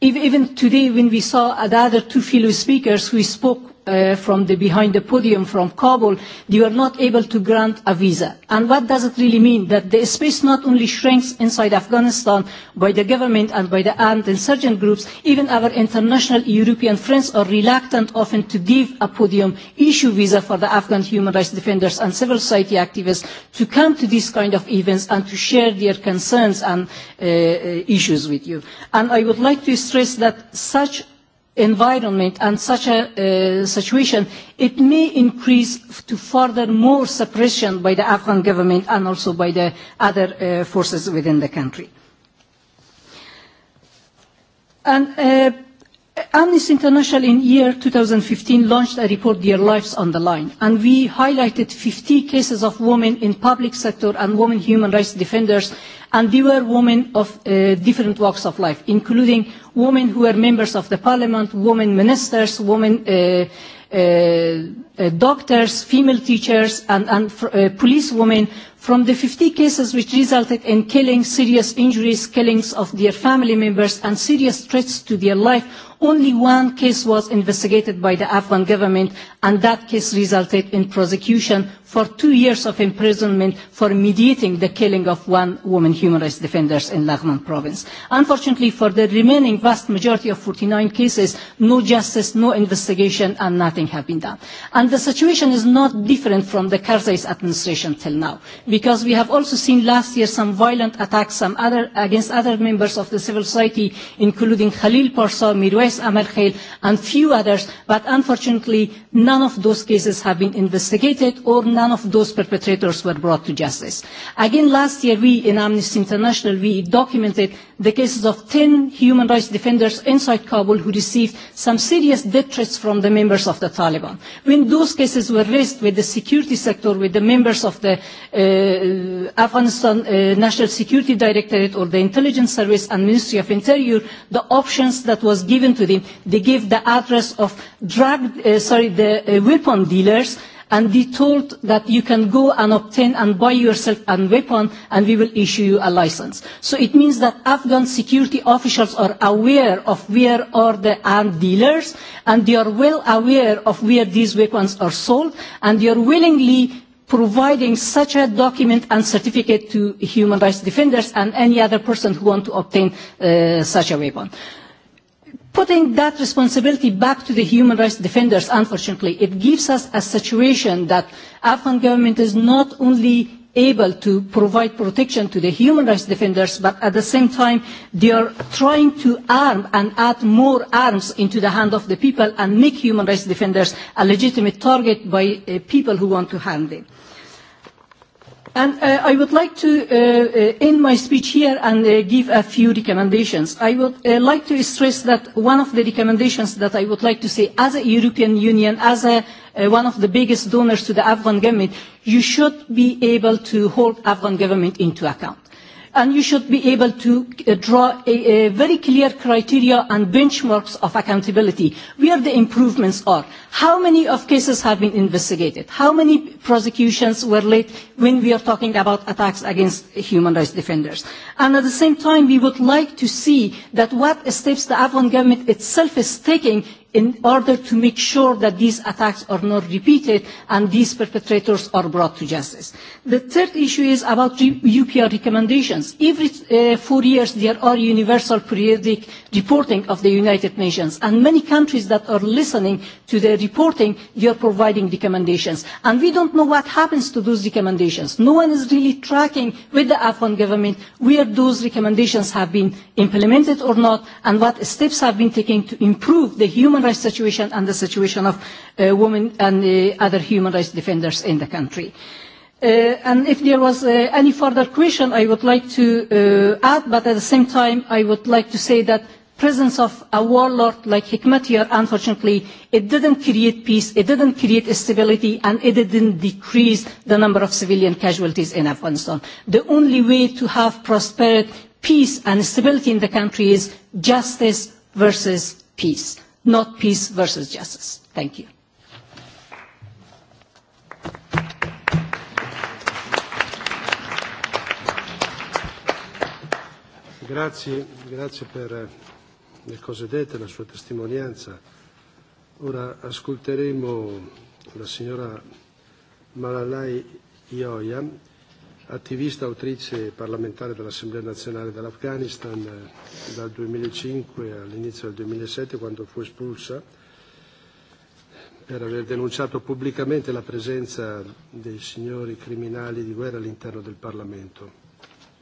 if, e-, even today when we saw the other two fellow speakers who spoke uh, from the behind the podium from Kabul, you are not able to grant a visa. And what does it really mean? That the space not only shrinks inside Afghanistan by the government and by the armed insurgent groups, even our international European friends are reluctant often to give a podium issue visa for the Afghan human rights defenders and civil society activists to come to these kind of events and to share their concerns and uh, uh issues with you. And I would like to stress that such environment and such a uh, situation, it may increase to further more suppression by the Afghan government and also by the other uh, forces within the country. And uh, Amnesty International in year 2015 launched a report, Their Lives on the Line, and we highlighted 50 cases of women in public sector and women human rights defenders, and they were women of uh, different walks of life, including women who were members of the parliament, women ministers, women uh, uh, uh, doctors, female teachers, and, and fr- uh, police women from the 50 cases which resulted in killing, serious injuries, killings of their family members, and serious threats to their life, only one case was investigated by the Afghan government, and that case resulted in prosecution for two years of imprisonment for mediating the killing of one woman human rights defenders in Laghman province. Unfortunately, for the remaining vast majority of 49 cases, no justice, no investigation, and nothing had been done. And And the situation is not different from the Karzai's administration till now, because we have also seen last year some violent attacks some other, against other members of the civil society, including Khalil Porsa, Mirwais Amalkhail, and few others, but unfortunately none of those cases have been investigated or none of those perpetrators were brought to justice. Again, last year we in Amnesty International, we documented the cases of 10 human rights defenders inside Kabul who received some serious death threats from the members of the Taliban. When those cases were raised with the security sector, with the members of the uh, Afghanistan uh, National Security Directorate or the Intelligence Service and Ministry of Interior, the options that was given to them, they gave the address of drug, uh, sorry, the uh, weapon dealers and be told that you can go and obtain and buy yourself a weapon and we will issue you a license. So it means that Afghan security officials are aware of where are the armed dealers and they are well aware of where these weapons are sold and they are willingly providing such a document and certificate to human rights defenders and any other person who want to obtain uh, such a weapon. Uh, putting that responsibility back to the human rights defenders, unfortunately, it gives us a situation that Afghan government is not only able to provide protection to the human rights defenders, but at the same time, they are trying to arm and add more arms into the hand of the people and make human rights defenders a legitimate target by uh, people who want to harm them. Uh, And uh, I would like to uh, uh, end my speech here and uh, give a few recommendations. I would uh, like to stress that one of the recommendations that I would like to say as a European Union, as a, uh, one of the biggest donors to the Afghan government, you should be able to hold Afghan government into account and you should be able to uh, draw a, a very clear criteria and benchmarks of accountability, where the improvements are. How many of cases have been investigated? How many prosecutions were late when we are talking about attacks against human rights defenders? And at the same time, we would like to see that what steps the Afghan government itself is taking in order to make sure that these attacks are not repeated and these perpetrators are brought to justice. The third issue is about UPR recommendations. Every uh, four years there are universal periodic reporting of the United Nations and many countries that are listening to the reporting, they are providing recommendations. And we don't know what happens to those recommendations. No one is really tracking with the Afghan government where those recommendations have been implemented or not and what steps have been taken to improve the human human rights situation and the situation of uh, women and uh, other human rights defenders in the country. Uh, and if there was uh, any further question, I would like to uh, add, but at the same time, I would like to say that presence of a warlord like Hikmatyar, unfortunately, it didn't create peace, it didn't create stability, and it didn't decrease the number of civilian casualties in Afghanistan. The only way to have prosperity, peace, and stability in the country is justice versus peace not peace versus justice. Thank you. Grazie, grazie per eh, le cose dette, la sua testimonianza. Ora ascolteremo la signora Malalai Ioia attivista, autrice e parlamentare dell'Assemblea nazionale dell'Afghanistan eh, dal 2005 e all'inizio del 2007 e quando fu espulsa per aver denunciato pubblicamente la presenza dei signori criminali di guerra all'interno del Parlamento.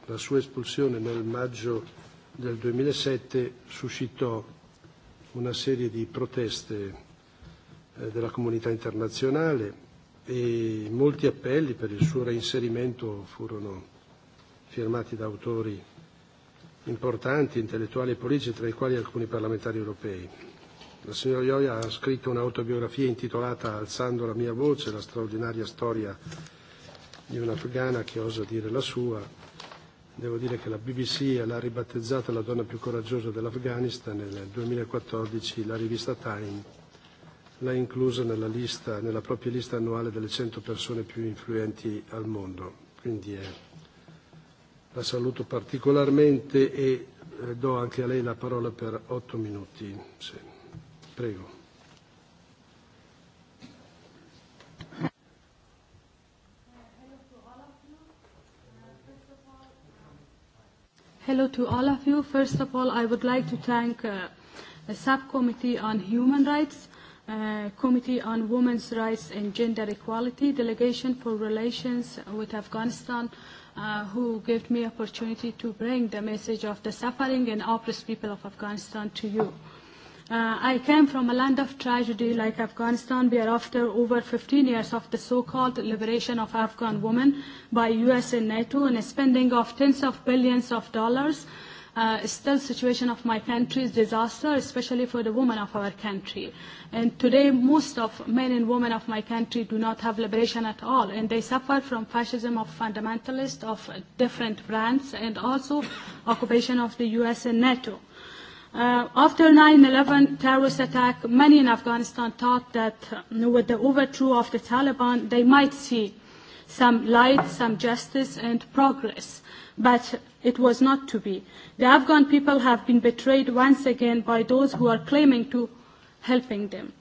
La sua espulsione nel maggio del 2007 suscitò una serie di proteste eh, della comunità internazionale e molti appelli per il suo reinserimento furono firmati da autori importanti, intellettuali e politici, tra i quali alcuni parlamentari europei. La signora Ioia ha scritto un'autobiografia intitolata Alzando la mia voce, la straordinaria storia di un'afghana che osa dire la sua. Devo dire che la BBC e l'ha ribattezzata la donna più coraggiosa dell'Afghanistan e nel 2014 la rivista Time l'ha inclusa nella, lista, nella propria lista annuale delle 100 persone più influenti al mondo. Quindi eh, la saluto particolarmente e eh, do anche a lei la parola per 8 minuti. Sì. Prego. Hello to all of you. First of all, I would like to thank uh, the Subcommittee on Human Rights uh, Committee on Women's Rights and Gender Equality delegation for relations with Afghanistan uh, who gave me opportunity to bring the message of the suffering and oppressed people of Afghanistan to you. Uh, I came from a land of tragedy like Afghanistan, where after over 15 years of the so-called liberation of Afghan women by US and NATO and a spending of tens of billions of dollars, uh, uh, still situation of my country is disaster, especially for the women of our country. And today, most of men and women of my country do not have liberation at all, and they suffer from fascism of fundamentalists of uh, different brands, and also occupation of the U.S. and NATO. Uh, after 9-11 terrorist attack, many in Afghanistan thought that uh, with the overthrow of the Taliban, they might see some light, some justice, and progress. Uh, but it was not to be. The Afghan people have been betrayed once again by those who are claiming to helping them.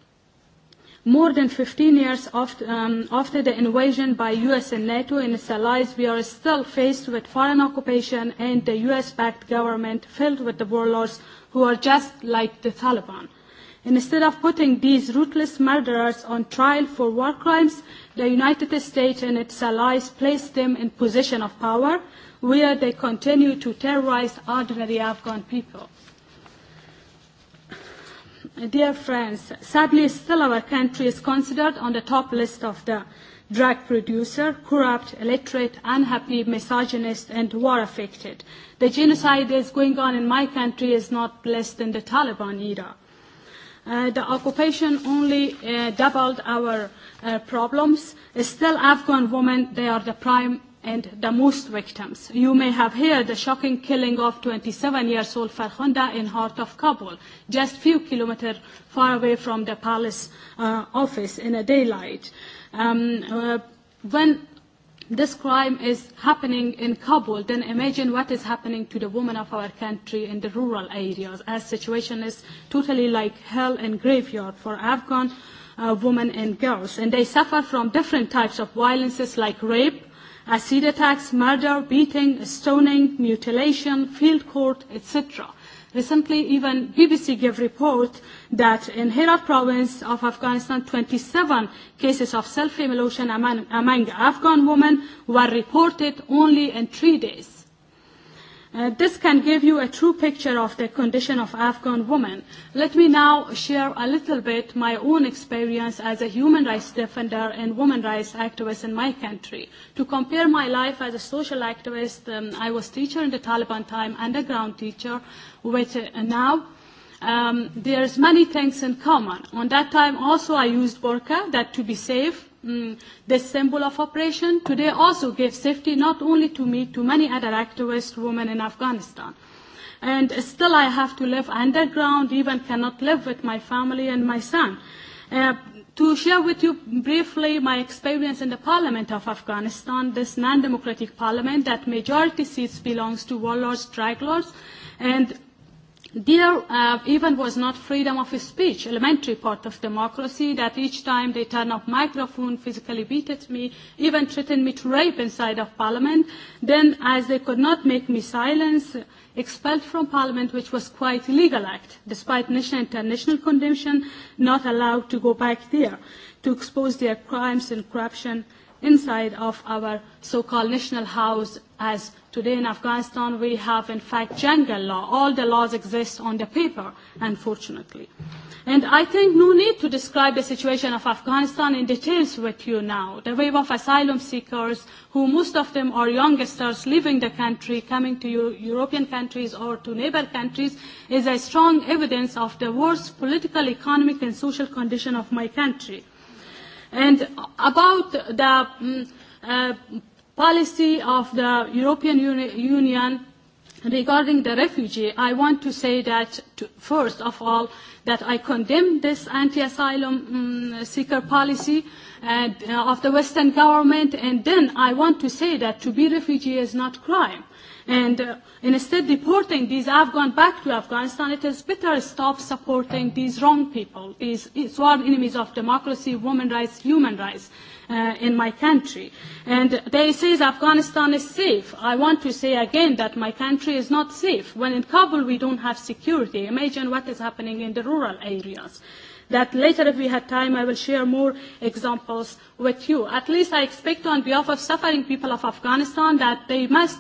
More than 15 years after, um, after the invasion by US and NATO and its allies, we are still faced with foreign occupation and the US-backed government filled with the warlords who are just like the Taliban. Instead of putting these ruthless murderers on trial for war crimes, the United States and its allies placed them in position of power, where they continue to terrorize ordinary Afghan people. Dear friends, sadly still our country is considered on the top list of the drug producer, corrupt, illiterate, unhappy, misogynist, and war affected. The genocide that is going on in my country is not less than the Taliban era. Uh, the occupation only uh, doubled our uh, problems. Still, Afghan women, they are the prime and the most victims. You may have heard the shocking killing of 27-years-old Farhunda in heart of Kabul, just few kilometers far away from the palace uh, office in a daylight. Um, uh, when this crime is happening in Kabul, then imagine what is happening to the women of our country in the rural areas, as situation is totally like hell and graveyard for Afghan uh, women and girls. And they suffer from different types of violences like rape, acid attacks, murder, beating, stoning, mutilation, field court, etc. Recently, even BBC gave report that in Herat province of Afghanistan, 27 cases of self-immolation among, among Afghan women were reported only in three days. Uh, this can give you a true picture of the condition of Afghan women. Let me now share a little bit my own experience as a human rights defender and women rights activist in my country. To compare my life as a social activist, um, I was teacher in the Taliban time, underground teacher, which uh, now um, there's many things in common. On that time also I used burqa, that to be safe, um, mm, this symbol of oppression today also gives safety not only to me, to many other activist women in Afghanistan. And still I have to live underground, even cannot live with my family and my son. Uh, to share with you briefly my experience in the parliament of Afghanistan, this non-democratic parliament that majority seats belongs to warlords, drug lords, and there uh, even was not freedom of speech, elementary part of democracy, that each time they turn off microphone, physically beat at me, even threatened me to rape inside of parliament. Then, as they could not make me silence, expelled from parliament, which was quite illegal act, despite national and international condemnation, not allowed to go back there to expose their crimes and corruption inside of our so-called national house as today in Afghanistan we have in fact jungle law. All the laws exist on the paper, unfortunately. And I think no need to describe the situation of Afghanistan in details with you now. The wave of asylum seekers, who most of them are youngsters leaving the country, coming to Euro- European countries or to neighbor countries, is a strong evidence of the worst political, economic and social condition of my country. And about the um, uh, policy of the European Uni Union regarding the refugee, I want to say that to, first of all, that I condemn this anti-asylum um, seeker policy and, uh, of the Western government, and then I want to say that to be refugee is not crime. Uh, And uh, instead deporting these Afghan back to Afghanistan, it is better stop supporting these wrong people, these sworn enemies of democracy, women rights, human rights uh, in my country. And they says Afghanistan is safe. I want to say again that my country is not safe. When in Kabul we don't have security, imagine what is happening in the rural areas. That later, if we had time, I will share more examples with you. At least I expect on behalf of suffering people of Afghanistan that they must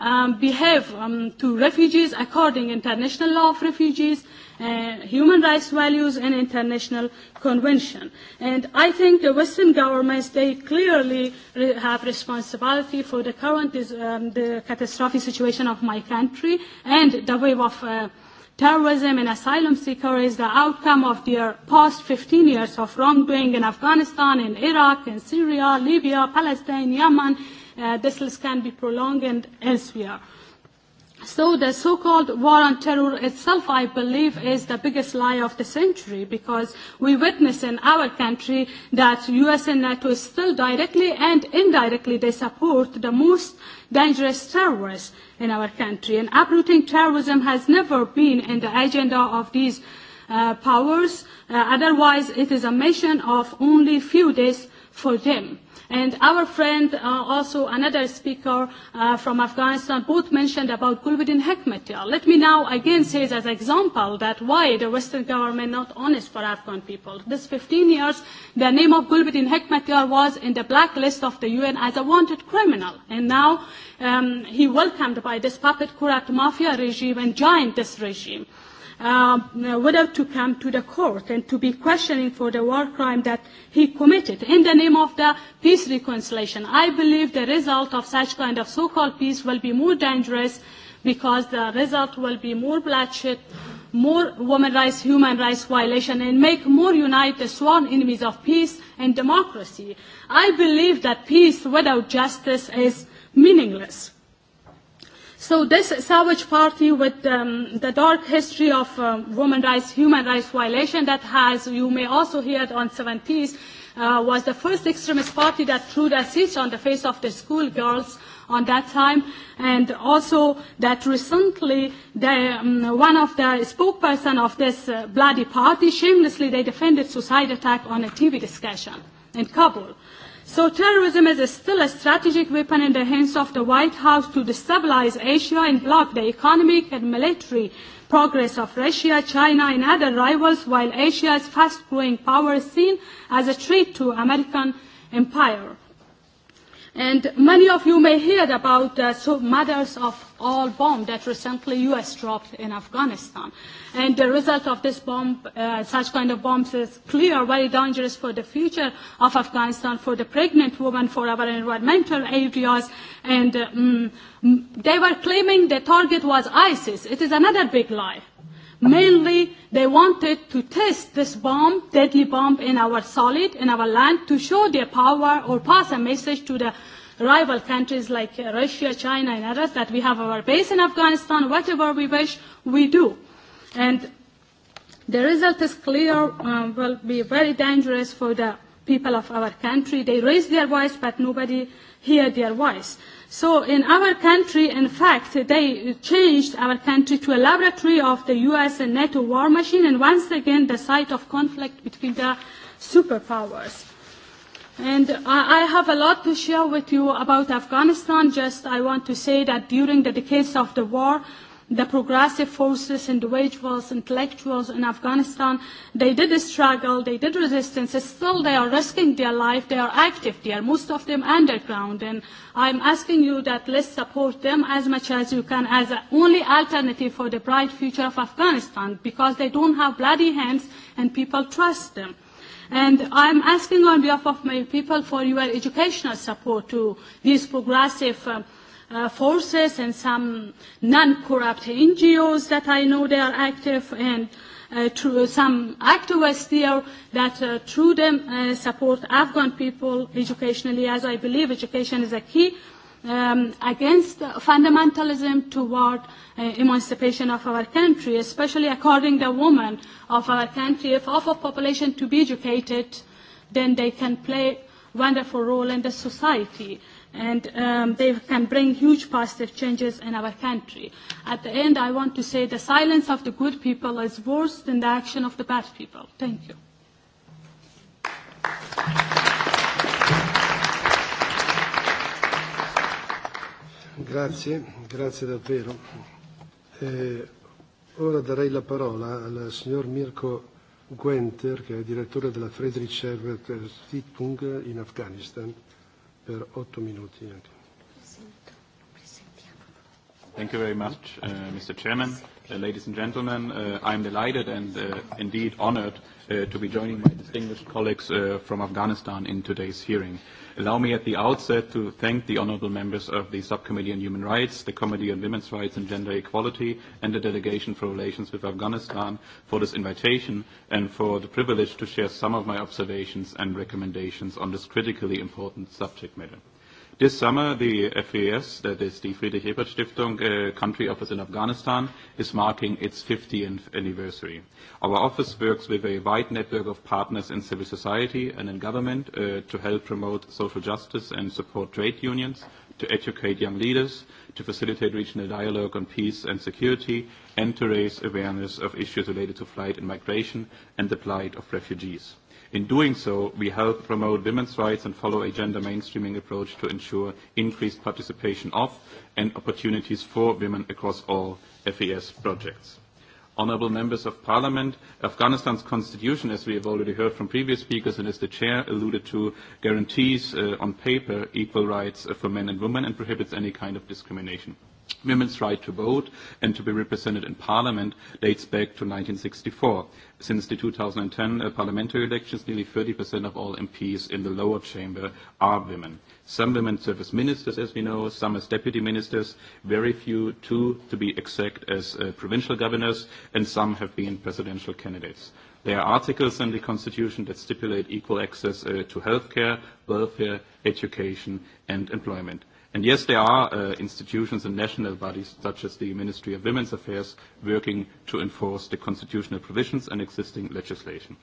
um, behave um, to refugees according international law of refugees, uh, human rights values and international convention. And I think the Western governments, they clearly re- have responsibility for the current is, um, the catastrophic situation of my country and the wave of uh, terrorism and asylum seeker is the outcome of their past 15 years of wrongdoing in Afghanistan, in Iraq, in Syria, Libya, Palestine, Yemen, uh, this list can be prolonged and elsewhere. So the so-called war on terror itself, I believe, is the biggest lie of the century because we witness in our country that US and NATO still directly and indirectly they support the most dangerous terrorists in our country. And uprooting terrorism has never been in the agenda of these uh, powers. Uh, otherwise, it is a mission of only few days for them. And our friend, uh, also another speaker uh, from Afghanistan, both mentioned about Gulbuddin Hekmatyar. Uh, let me now again say as an example that why the Western government not honest for Afghan people. This 15 years, the name of Gulbuddin Hekmatyar uh, was in the blacklist of the UN as a wanted criminal. And now um, he welcomed by this puppet corrupt mafia regime and joined this regime uh, whether to come to the court and to be questioning for the war crime that he committed in the name of the peace reconciliation. I believe the result of such kind of so-called peace will be more dangerous because the result will be more bloodshed, more women rights, human rights violation, and make more unite the sworn enemies of peace and democracy. I believe that peace without justice is meaningless. So this savage party with um, the dark history of um, women rights, human rights violation that has, you may also hear it on 70s, uh, was the first extremist party that threw the seats on the face of the schoolgirls on that time, and also that recently the, um, one of the spokesperson of this uh, bloody party shamelessly they defended suicide attack on a TV discussion in Kabul. So terrorism is still a strategic weapon in the hands of the White House to destabilize Asia and block the economic and military progress of Russia, China, and other rivals, while Asia's fast-growing power is seen as a threat to American empire. And many of you may hear about uh, so mothers of all bomb that recently U.S. dropped in Afghanistan. And the result of this bomb, uh, such kind of bombs is clear, very dangerous for the future of Afghanistan, for the pregnant women, for our environmental areas. And uh, mm, they were claiming the target was ISIS. It is another big lie. Mainly, they wanted to test this bomb, deadly bomb, in our solid, in our land, to show their power or pass a message to the rival countries like uh, Russia, China, and others that we have our base in Afghanistan. Whatever we wish, we do. And the result is clear, um, will be very dangerous for the people of our country. They raise their voice, but nobody hear their voice. Uh, So in our country, in fact, they changed our country to a laboratory of the US and NATO war machine, and once again, the site of conflict between the superpowers. And I, I have a lot to share with you about Afghanistan. Just I want to say that during the decades of the war, the progressive forces, individuals, intellectuals in Afghanistan, they did struggle, they did resistance, still they are risking their life, they are active there, most of them underground, and I'm asking you that let's support them as much as you can as the only alternative for the bright future of Afghanistan, because they don't have bloody hands and people trust them. And I'm asking on behalf of my people for your educational support to these progressive um, uh, forces and some non-corrupt NGOs that I know they are active and uh, through some activists there that uh, through them uh, support Afghan people educationally as I believe education is a key um, against fundamentalism toward uh, emancipation of our country, especially according the women of our country. If of a population to be educated, then they can play wonderful role in the society. Uh, and um, they can bring huge positive changes in our country. At the end, I want to say the silence of the good people is worse than the action of the bad people. Thank you. Grazie, grazie davvero. Eh, ora darei la parola al signor Mirko Guenter, che è direttore della Friedrich Herbert Stiftung in Afghanistan per otto minuti. Thank you very much, uh, Mr. Chairman. Uh, ladies and gentlemen, uh, I'm delighted and uh, indeed honored uh, to be joining my distinguished colleagues uh, from Afghanistan in today's hearing. Uh, Allow me at the outset to thank the honorable members of the Subcommittee on Human Rights, the Committee on Women's Rights and Gender Equality, and the Delegation for Relations with Afghanistan for this invitation and for the privilege to share some of my observations and recommendations on this critically important subject matter. This summer, the FAS, e that is the Friedrich Ebert Stiftung, uh, country office in Afghanistan, is marking its 50th anniversary. Our office works with a wide network of partners in civil society and in government uh, to help promote social justice and support trade unions, to educate young leaders, to facilitate regional dialogue on peace and security, and to raise awareness of issues related to flight and migration and the plight of refugees. In doing so, we help promote women's rights and follow a gender mainstreaming approach to ensure increased participation of and opportunities for women across all FES projects. Honourable Members of Parliament, Afghanistan's constitution, as we have already heard from previous speakers and as the Chair alluded to, guarantees uh, on paper equal rights uh, for men and women and prohibits any kind of discrimination. Women's right to vote and to be represented in parliament dates back to 1964. Since the 2010 uh, parliamentary elections, nearly 30% of all MPs in the lower chamber are women. Some women serve as ministers, as we know, some as deputy ministers, very few, two to be exact, as uh, provincial governors, and some have been presidential candidates. There are articles in the Constitution that stipulate equal access uh, to healthcare, welfare, education, and employment. And yes, there are uh, institutions and national bodies, such as the Ministry of Women's Affairs, working to enforce the constitutional provisions and existing legislation.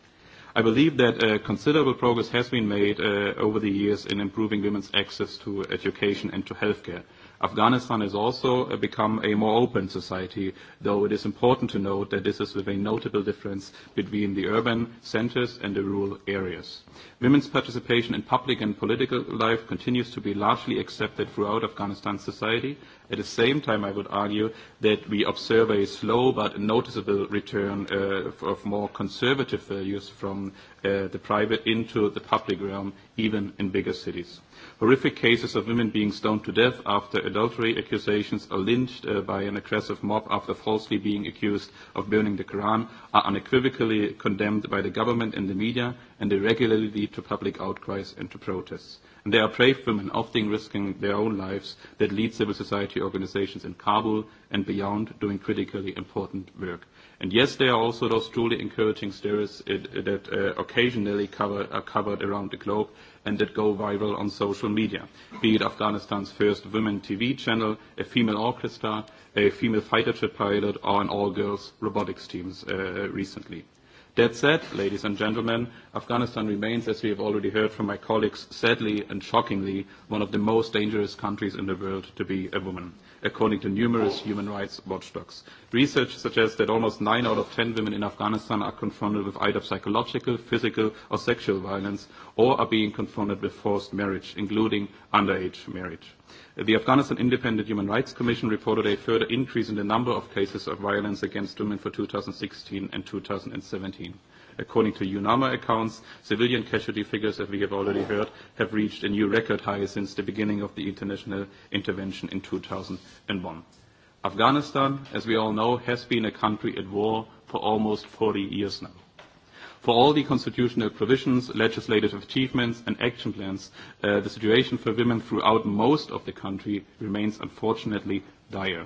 I believe that uh, considerable progress has been made uh, over the years in improving women's access to education and to healthcare. Afghanistan has also uh, become a more open society, though it is important to note that this is with a notable difference between the urban centers and the rural areas. Women's participation in public and political life continues to be largely accepted throughout Afghanistan's society. At the same time, I would argue that we observe a slow but noticeable return uh, of more conservative values from uh, the private into the public realm, even in bigger cities. Horrific cases of women being stoned to death after adultery accusations or lynched uh, by an aggressive mob after falsely being accused of burning the Quran are unequivocally condemned by the government and the media, and they regularly lead to public outcries and to protests. And there are brave women often risking their own lives that lead civil society organizations in Kabul and beyond doing critically important work. And yes, there are also those truly encouraging stories it, that uh, occasionally cover, are covered around the globe and that go viral on social media, be it Afghanistan's first women TV channel, a female orchestra, a female fighter jet pilot, or an all-girls robotics teams uh, recently. That said, ladies and gentlemen, Afghanistan remains, as we have already heard from my colleagues, sadly and shockingly, one of the most dangerous countries in the world to be a woman, according to numerous human rights watchdogs. Research suggests that almost 9 out of 10 women in Afghanistan are confronted with either psychological, physical, or sexual violence, or are being confronted with forced marriage, including underage marriage. The Afghanistan Independent Human Rights Commission reported a further increase in the number of cases of violence against women for 2016 and 2017. According to UNAMA accounts, civilian casualty figures, as we have already heard, have reached a new record high since the beginning of the international intervention in 2001. Afghanistan, as we all know, has been a country at war for almost 40 years now. For all the constitutional provisions, legislative achievements and action plans, uh, the situation for women throughout most of the country remains unfortunately dire.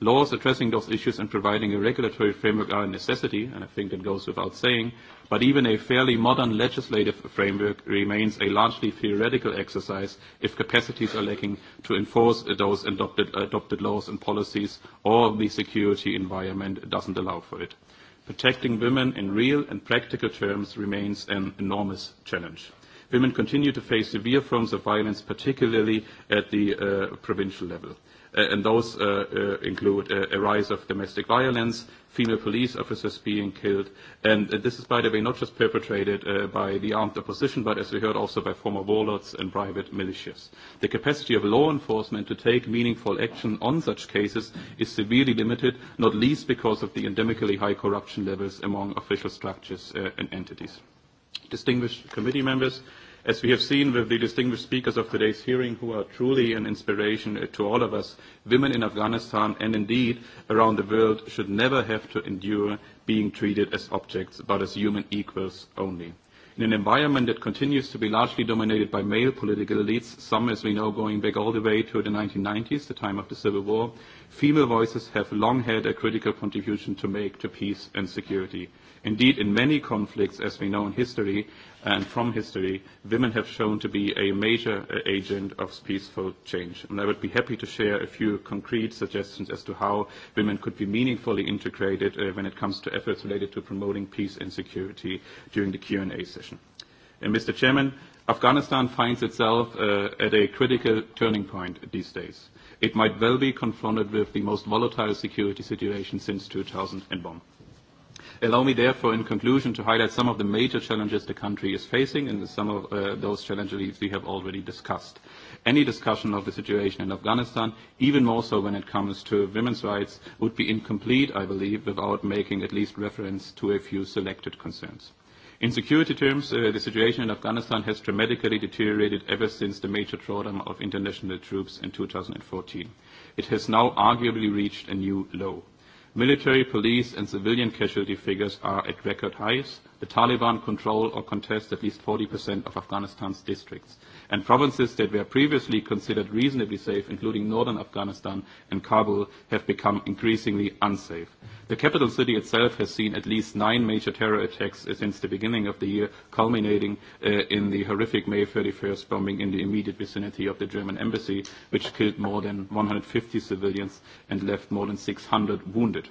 Laws addressing those issues and providing a regulatory framework are a necessity, and I think that goes without saying, but even a fairly modern legislative framework remains a largely theoretical exercise if capacities are lacking to enforce those adopted, adopted laws and policies or the security environment doesn't allow for it protecting women in real and practical terms remains an enormous challenge. Women continue to face severe forms of violence, particularly at the uh, provincial level. Uh, and those uh, uh, include uh, a rise of domestic violence, female police officers being killed, and uh, this is, by the way, not just perpetrated uh, by the armed opposition, but as we heard, also by former warlords and private militias. The capacity of law enforcement to take meaningful action on such cases is severely limited, not least because of the endemically high corruption levels among official structures uh, and entities. Distinguished committee members, uh, As we have seen with the distinguished speakers of today's hearing, who are truly an inspiration uh, to all of us, women in Afghanistan and indeed around the world should never have to endure being treated as objects, but as human equals only. In an environment that continues to be largely dominated by male political elites, some, as we know, going back all the way to the 1990s, the time of the Civil War, female voices have long had a critical contribution to make to peace and security. Indeed, in many conflicts, as we know in history, and from history, women have shown to be a major uh, agent of peaceful change. And I would be happy to share a few concrete suggestions as to how women could be meaningfully integrated uh, when it comes to efforts related to promoting peace and security during the Q&A session. And Mr. Chairman, Afghanistan finds itself uh, at a critical turning point these days. It might well be confronted with the most volatile security situation since 2001 Allow me, therefore, in conclusion, to highlight some of the major challenges the country is facing, and some of uh, those challenges we have already discussed. Any discussion of the situation in Afghanistan, even more so when it comes to women's rights, would be incomplete, I believe, without making at least reference to a few selected concerns. In security terms, uh, the situation in Afghanistan has dramatically deteriorated ever since the major drawdown of international troops in 2014. It has now arguably reached a new low. Military, police, and civilian casualty figures are at record highs, The Taliban control or contest at least 40% of Afghanistan's districts. And provinces that were previously considered reasonably safe, including northern Afghanistan and Kabul, have become increasingly unsafe. The capital city itself has seen at least nine major terror attacks since the beginning of the year, culminating uh, in the horrific May 31st bombing in the immediate vicinity of the German embassy, which killed more than 150 civilians and left more than 600 wounded.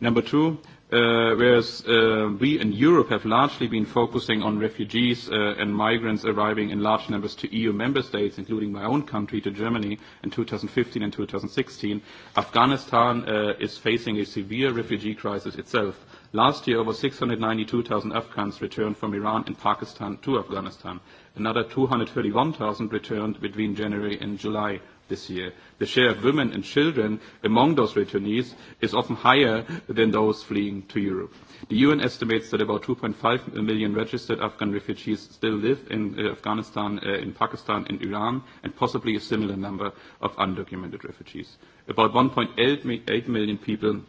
Number two, Uh, whereas uh, we in Europe have largely been focusing on refugees uh, and migrants arriving in large numbers to EU member states, including my own country, to Germany in 2015 and 2016, Afghanistan uh, is facing a severe refugee crisis itself. Last year, over 692,000 Afghans returned from Iran and Pakistan to Afghanistan. Another 231,000 returned between January and July this year. The share of women and children among those returnees is often higher than those fleeing to Europe. The UN estimates that about 2.5 million registered Afghan refugees still live in uh, Afghanistan, uh, in Pakistan, and Iran, and possibly a similar number of undocumented refugees. About 1.8 mi- million people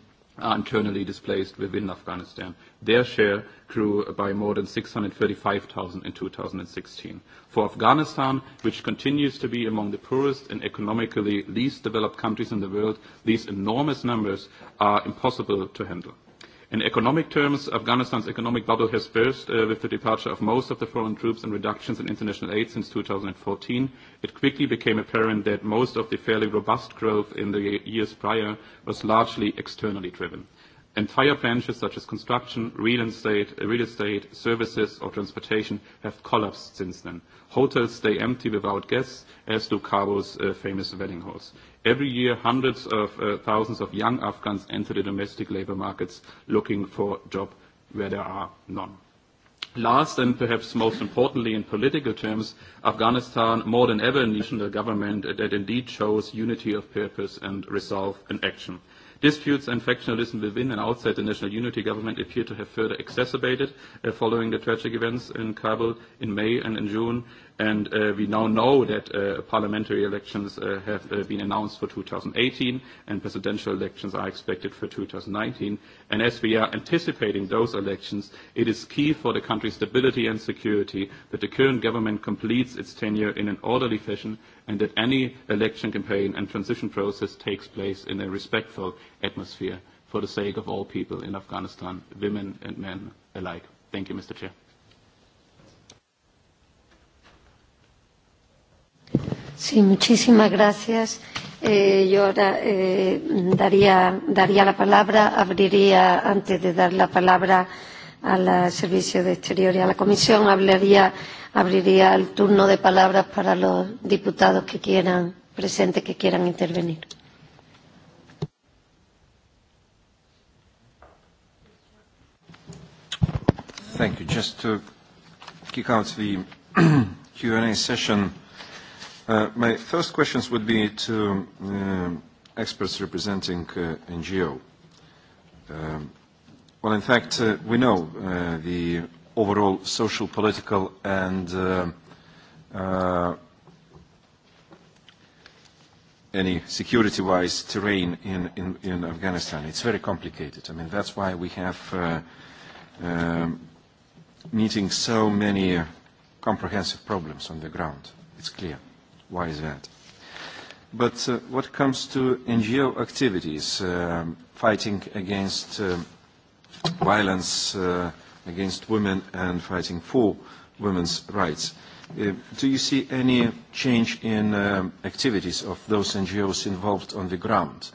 are internally displaced within Afghanistan. Their share grew by more than 635,000 in 2016. For Afghanistan, which continues to be among the poorest and economically least developed countries in the world, these enormous numbers are impossible to handle. In economic terms, Afghanistan's economic bubble has burst uh, with the departure of most of the foreign troops and reductions in international aid since 2014. It quickly became apparent that most of the fairly robust growth in the years prior was largely externally driven. Entire branches such as construction, real estate, uh, real estate, services, or transportation have collapsed since then. Hotels stay empty without guests, as do Cabo's uh, famous wedding halls. Every year, hundreds of uh, thousands of young Afghans enter the domestic labor markets looking for a job where there are none. Last, and perhaps most importantly in political terms, Afghanistan, more than ever, needs a government that indeed shows unity of purpose and resolve and action. Disputes and factionalism within and outside the national unity government appear to have further exacerbated uh, following the tragic events in Kabul in May and in June. And uh, we now know that uh, parliamentary elections uh, have uh, been announced for 2018 and presidential elections are expected for 2019. And as we are anticipating those elections, it is key for the country's stability and security that the current government completes its tenure in an orderly fashion and that any election campaign and transition process takes place in a respectful atmosphere for the sake of all people in Afghanistan, women and men alike. Thank you, Mr. Chair. Sí, muchísimas gracias. Eh, yo ahora eh, daría, daría la palabra, abriría, antes de dar la palabra al Servicio de Exterior y a la Comisión, hablaría, abriría el turno de palabras para los diputados que quieran, presentes que quieran intervenir. Thank you. Just to kick out the Q&A session, Uh, my first questions would be to um, experts representing uh, NGO. Um, well, in fact, uh, we know uh, the overall social, political, and uh, uh, any security-wise terrain in, in, in Afghanistan. It's very complicated. I mean, that's why we have uh, uh, meeting so many comprehensive problems on the ground. It's clear. Uh, why is that? But uh, what comes to NGO activities, uh, fighting against uh, violence uh, against women and fighting for women's rights, uh, do you see any change in um, activities of those NGOs involved on the ground?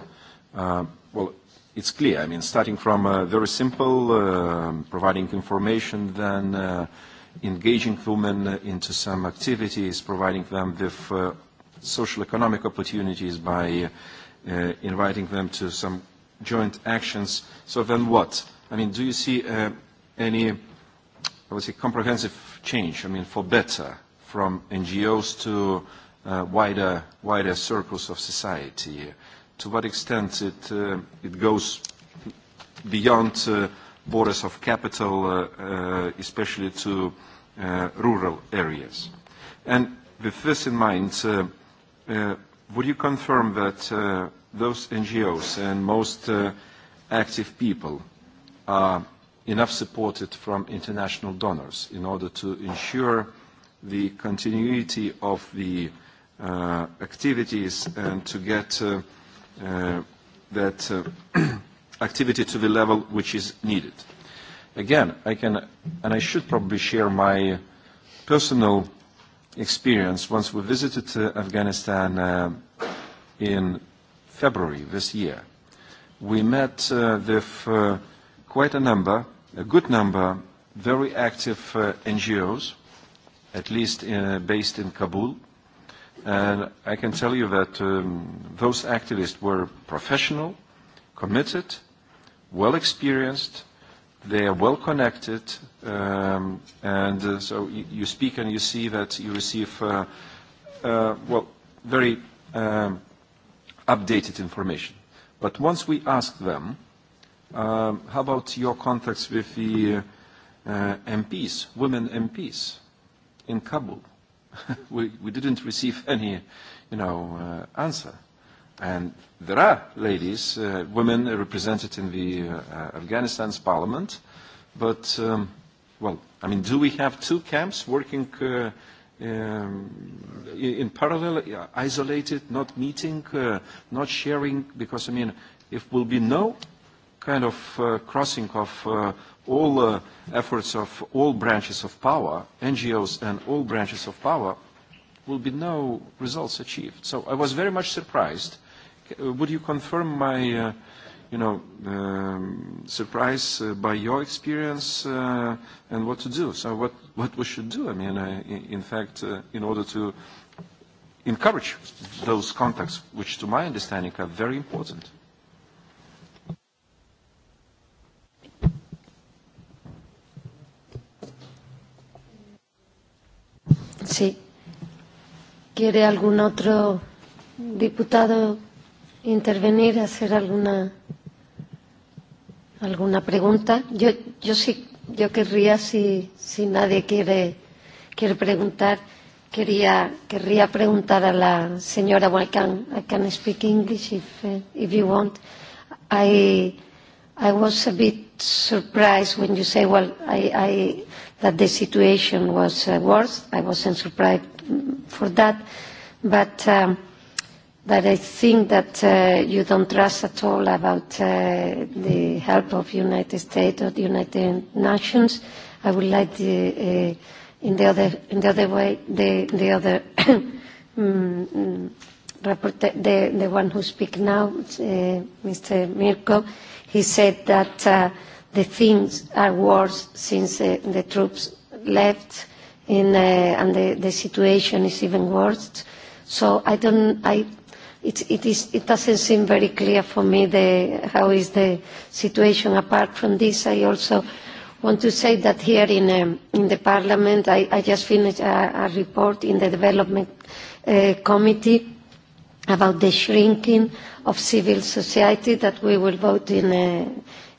Uh, well, it's clear. I mean, starting from uh, very simple, uh, providing information, then uh, engaging women into some activities, providing them with uh, social economic opportunities by uh, inviting them to some joint actions. So then what? I mean, do you see uh, any, I would say, comprehensive change, I mean, for better, from NGOs to uh, wider, wider circles of society? To what extent it, uh, it goes beyond uh, borders of capital, uh, uh, especially to uh, rural areas. And with this in mind, uh, uh, would you confirm that uh, those NGOs and most uh, active people are enough supported from international donors in order to ensure the continuity of the uh, activities and to get uh, uh, that uh, activity to the level which is needed. Again, I can, and I should probably share my personal experience. Once we visited uh, Afghanistan uh, in February this year, we met uh, with uh, quite a number, a good number, very active uh, NGOs, at least uh, based in Kabul. And I can tell you that um, those activists were professional, committed, well experienced, they are well connected, um, and uh, so you, you speak and you see that you receive, uh, uh, well, very um, updated information. But once we ask them, um, how about your contacts with the uh, uh, MPs, women MPs in Kabul? we, we didn't receive any, you know, uh, answer. And there are ladies, uh, women represented in the uh, uh, Afghanistan's parliament, but, um, well, I mean, do we have two camps working uh, um, in parallel, isolated, not meeting, uh, not sharing? Because, I mean, if will be no kind of uh, crossing of uh, all uh, efforts of all branches of power, NGOs and all branches of power, will be no results achieved. So I was very much surprised Uh, would you confirm my, uh, you know, um, surprise uh, by your experience uh, and what to do? So what, what we should do? I mean, uh, in fact, uh, in order to encourage those contacts, which to my understanding are very important. Sí. ¿Quiere algún otro diputado intervenir, hacer alguna, alguna pregunta. Yo, yo sí, yo querría, si, si nadie quiere, quiere preguntar, quería, querría preguntar a la señora, well, I can, I can speak English if, uh, if you want. I, I was a bit surprised when you say, well, I, I, that the situation was uh, worse. I wasn't surprised mm, for that. But um, that I think that uh, you don't trust at all about uh, the help of United States or the United Nations. I would like the, uh, in the other in the other way the the other um, the the one who speak now, uh, Mr. Mirko, he said that uh, the things are worse since uh, the troops left, in, uh, and the, the situation is even worse. So I don't I it, it, is, it doesn't seem very clear for me the, how is the situation. Apart from this, I also want to say that here in, um, in the Parliament, I, I just finished a, a report in the Development uh, Committee about the shrinking of civil society that we will vote in a, uh,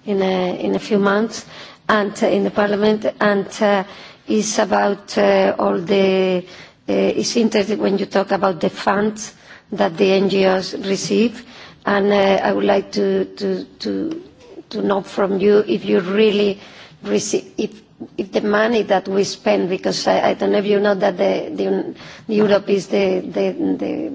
in a, uh, in a few months and uh, in the Parliament, and uh, is about uh, all the uh, is interested when you talk about the funds uh, that the NGOs receive. And uh, I would like to, to, to, to know from you if you really receive, if if the money that we spend, because I, I don't know if you know that the, the, the Europe is the, the, the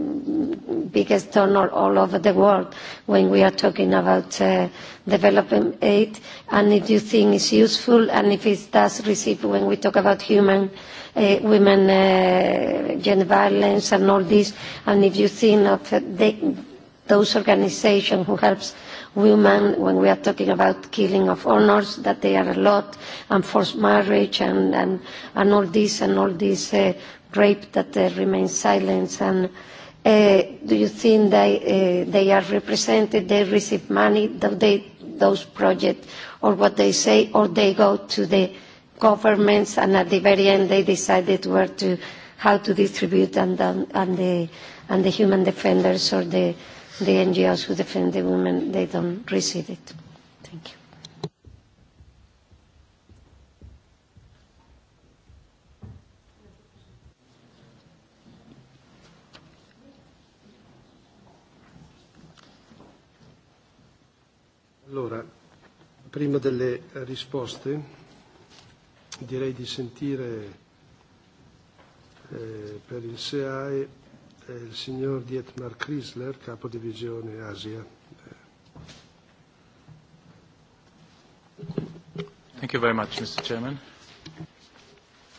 biggest donor all over the world when we are talking about uh, development aid, and if you think it's useful and if it does receive when we talk about human uh, women uh, gender violence and all this, and if you think of uh, they, those organizations who helps uh, women, when we are talking about killing of honors, that they are a lot, and forced marriage, and, and, and all this, and all this uh, rape that uh, remains silent. And uh, do you think they, uh, they are represented, they receive money, that they, those projects, or what they say, or they go to the governments, and at the very end they decided where to, how to distribute, and, and, and, the, and the human defenders or the the NGOs who defend the women, they don't receive it. Thank you. Allora, prima delle risposte direi di sentire eh, per il SEAE eh, il signor Dietmar Chrysler, capo divisione Asia. Thank you very much, Mr. Chairman.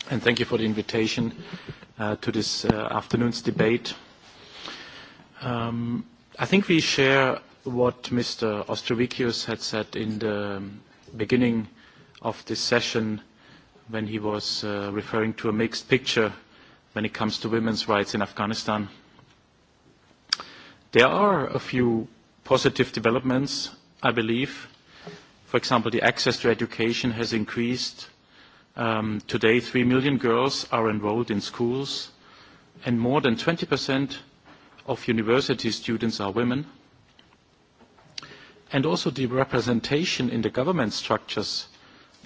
And thank you for the invitation uh, to this uh, afternoon's debate. Um, I think we share what Mr. Ostrovicius had said in the beginning of this session when he was uh, referring to a mixed picture when it comes to women's rights in Afghanistan. There are a few positive developments, I believe. For example, the access to education has increased. Um, today, 3 million girls are enrolled in schools, and more than 20% of university students are women. And also the representation in the government structures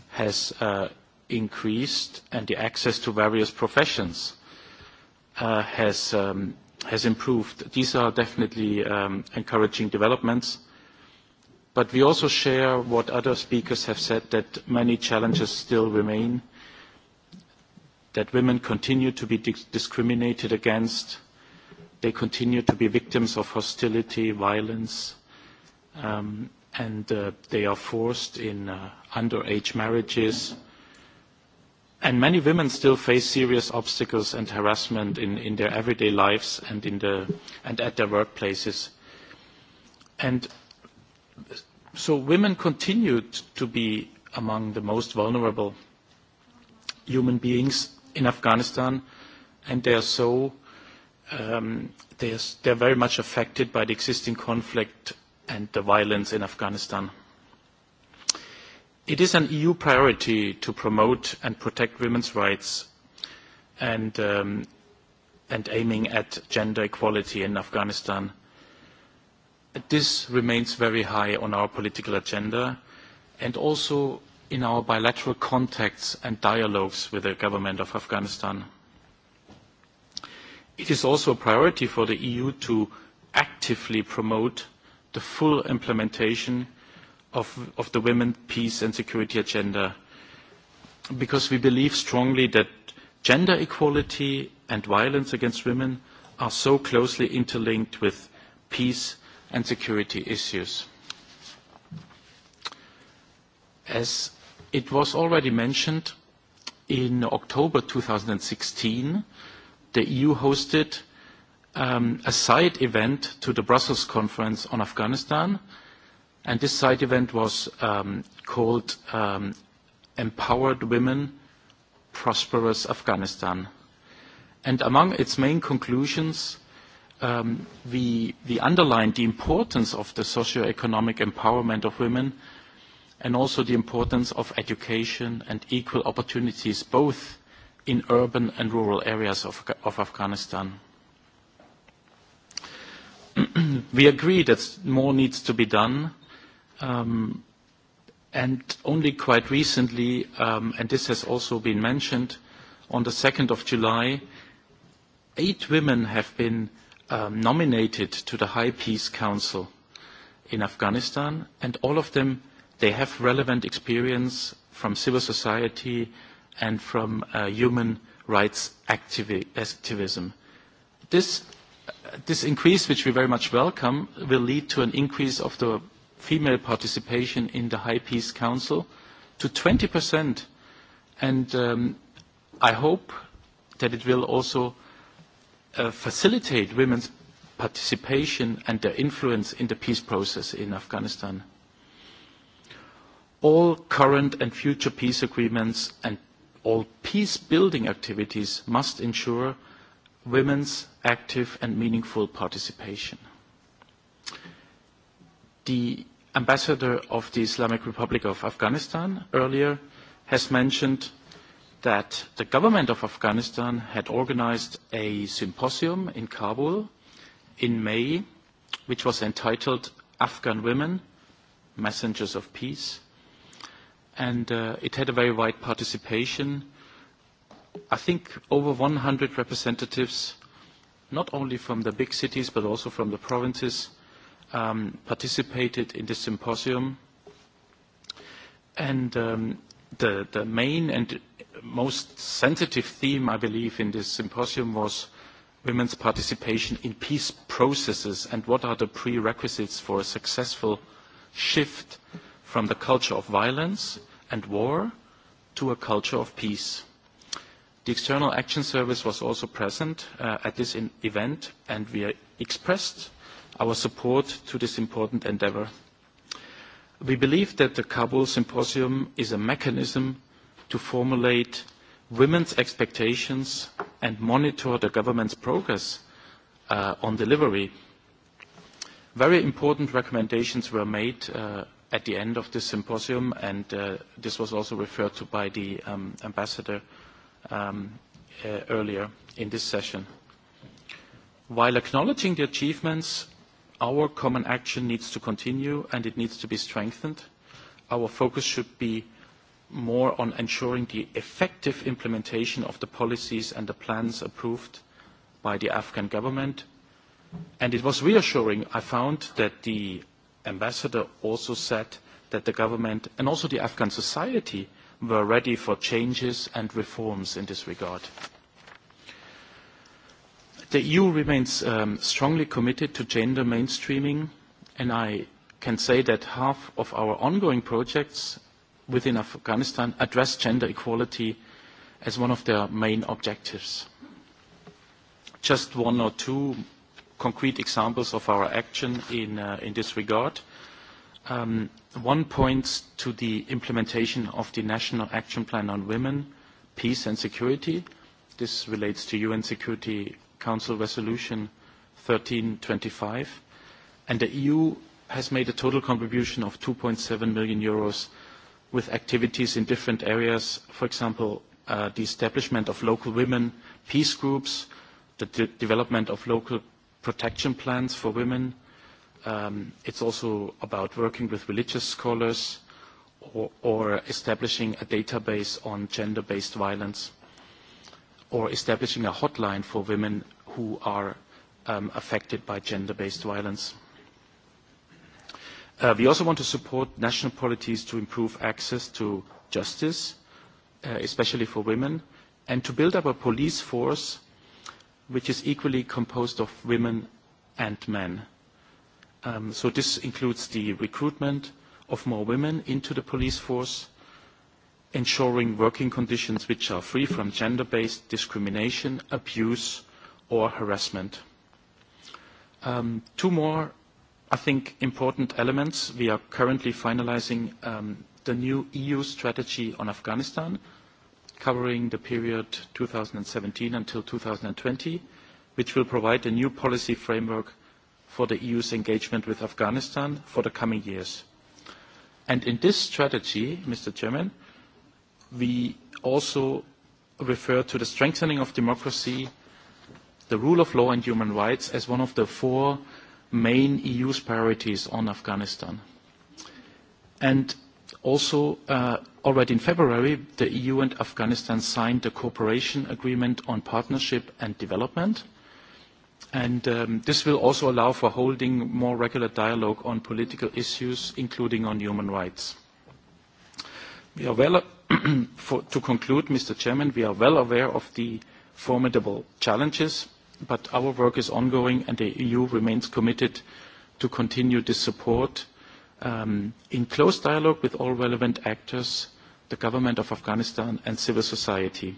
has uh, increased and the access to various professions uh, has, um, has improved. These are definitely um, encouraging developments. But we also share what other speakers have said, that many challenges still remain, that women continue to be dis discriminated against, they continue to be victims of hostility, violence, um, and uh, they are forced in uh, underage marriages, mm -hmm And many women still face serious obstacles and harassment in, in their everyday lives and, in the, and at their workplaces. And so women continued to be among the most vulnerable human beings in Afghanistan, and they are so um, they are, they are very much affected by the existing conflict and the violence in Afghanistan. It is an EU priority to promote and protect women's rights and, um, and aiming at gender equality in Afghanistan. This remains very high on our political agenda and also in our bilateral contacts and dialogues with the government of Afghanistan. It is also a priority for the EU to actively promote the full implementation of, of the women, peace and security agenda because we believe strongly that gender equality and violence against women are so closely interlinked with peace and security issues. As it was already mentioned, in October 2016, the EU hosted um, a side event to the Brussels conference on Afghanistan – And this side event was um, called um, Empowered Women, Prosperous Afghanistan. And among its main conclusions, um, we, we underlined the importance of the socioeconomic empowerment of women and also the importance of education and equal opportunities both in urban and rural areas of, of Afghanistan. we agree that more needs to be done Um, and only quite recently, um, and this has also been mentioned, on the 2nd of July, eight women have been um, nominated to the High Peace Council in Afghanistan, and all of them, they have relevant experience from civil society and from uh, human rights activi activism. This, uh, this increase, which we very much welcome, will lead to an increase of the female participation in the High Peace Council to 20%. And um, I hope that it will also uh, facilitate women's participation and their influence in the peace process in Afghanistan. All current and future peace agreements and all peace-building activities must ensure women's active and meaningful participation. The ambassador of the Islamic Republic of Afghanistan earlier has mentioned that the government of Afghanistan had organized a symposium in Kabul in May, which was entitled Afghan Women, Messengers of Peace. And uh, it had a very wide participation. I think over 100 representatives, not only from the big cities, but also from the provinces, um, participated in this symposium. And um, the, the main and most sensitive theme, I believe, in this symposium was women's participation in peace processes and what are the prerequisites for a successful shift from the culture of violence and war to a culture of peace. The External Action Service was also present uh, at this in event, and we expressed our support to this important endeavor. We believe that the Kabul Symposium is a mechanism to formulate women's expectations and monitor the government's progress uh, on delivery. Very important recommendations were made uh, at the end of this symposium, and uh, this was also referred to by the um, ambassador um, uh, earlier in this session. While acknowledging the achievements Our common action needs to continue, and it needs to be strengthened. Our focus should be more on ensuring the effective implementation of the policies and the plans approved by the Afghan government. And it was reassuring, I found, that the ambassador also said that the government and also the Afghan society were ready for changes and reforms in this regard. The EU remains um, strongly committed to gender mainstreaming, and I can say that half of our ongoing projects within Afghanistan address gender equality as one of their main objectives. Just one or two concrete examples of our action in, uh, in this regard. Um, one points to the implementation of the National Action Plan on Women, Peace and Security. This relates to UN Security Council Resolution 1325, and the EU has made a total contribution of 2.7 million euros with activities in different areas, for example, uh, the establishment of local women peace groups, the de development of local protection plans for women. Um, it's also about working with religious scholars or, or establishing a database on gender-based violence or establishing a hotline for women who are um, affected by gender-based violence. Uh, we also want to support national policies to improve access to justice, uh, especially for women, and to build up a police force which is equally composed of women and men. Um, so this includes the recruitment of more women into the police force, ensuring working conditions which are free from gender-based discrimination, abuse or harassment. Um, two more, I think, important elements. We are currently finalizing um, the new EU strategy on Afghanistan, covering the period 2017 until 2020, which will provide a new policy framework for the EU's engagement with Afghanistan for the coming years. And in this strategy, Mr. Chairman, uh, we also refer to the strengthening of democracy, the rule of law and human rights as one of the four main EU's priorities on Afghanistan. And also, uh, already in February, the EU and Afghanistan signed the cooperation agreement on partnership and development. And um, this will also allow for holding more regular dialogue on political issues, including on human rights. We are well for, to conclude, Mr. Chairman, we are well aware of the formidable challenges, but our work is ongoing, and the EU remains committed to continue this support um, in close dialogue with all relevant actors, the government of Afghanistan, and civil society.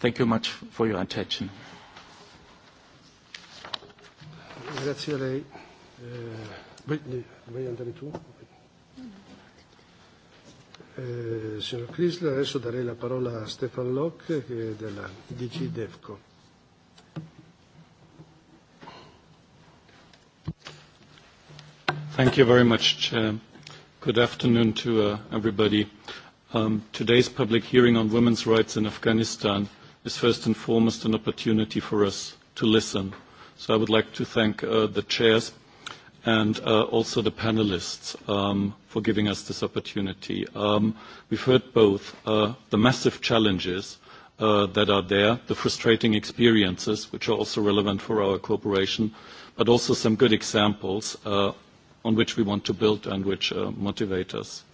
Thank you much for your attention. Grazie a lei. Eh, Brittany, vuoi andare tu? eh, signor Crisler. Adesso darei la parola a Stefan Locke che è della DG DEFCO. Thank you very much, Chair. Good afternoon to uh, everybody. Um, today's public hearing on women's rights in Afghanistan is first and foremost an opportunity for us to listen. So I would like to thank uh, the chairs and uh, also the panelists um, for giving us this opportunity. Um, we've heard both uh, the massive challenges uh, that are there, the frustrating experiences, which are also relevant for our cooperation, but also some good examples uh, on which we want to build and which uh, motivate us.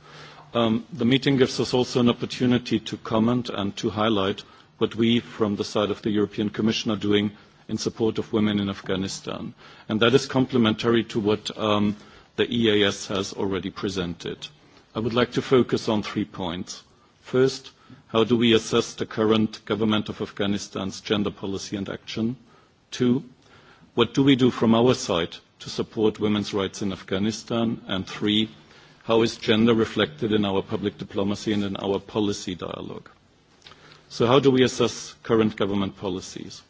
Um, the meeting gives us also an opportunity to comment and to highlight what we, from the side of the European Commission, are doing in support of women in Afghanistan. And that is complementary to what um, the EAS has already presented. I would like to focus on three points. First, how do we assess the current government of Afghanistan's gender policy and action? Two, what do we do from our side to support women's rights in Afghanistan? And three, how is gender reflected in our public diplomacy and in our policy dialogue? So how do we assess current government policies?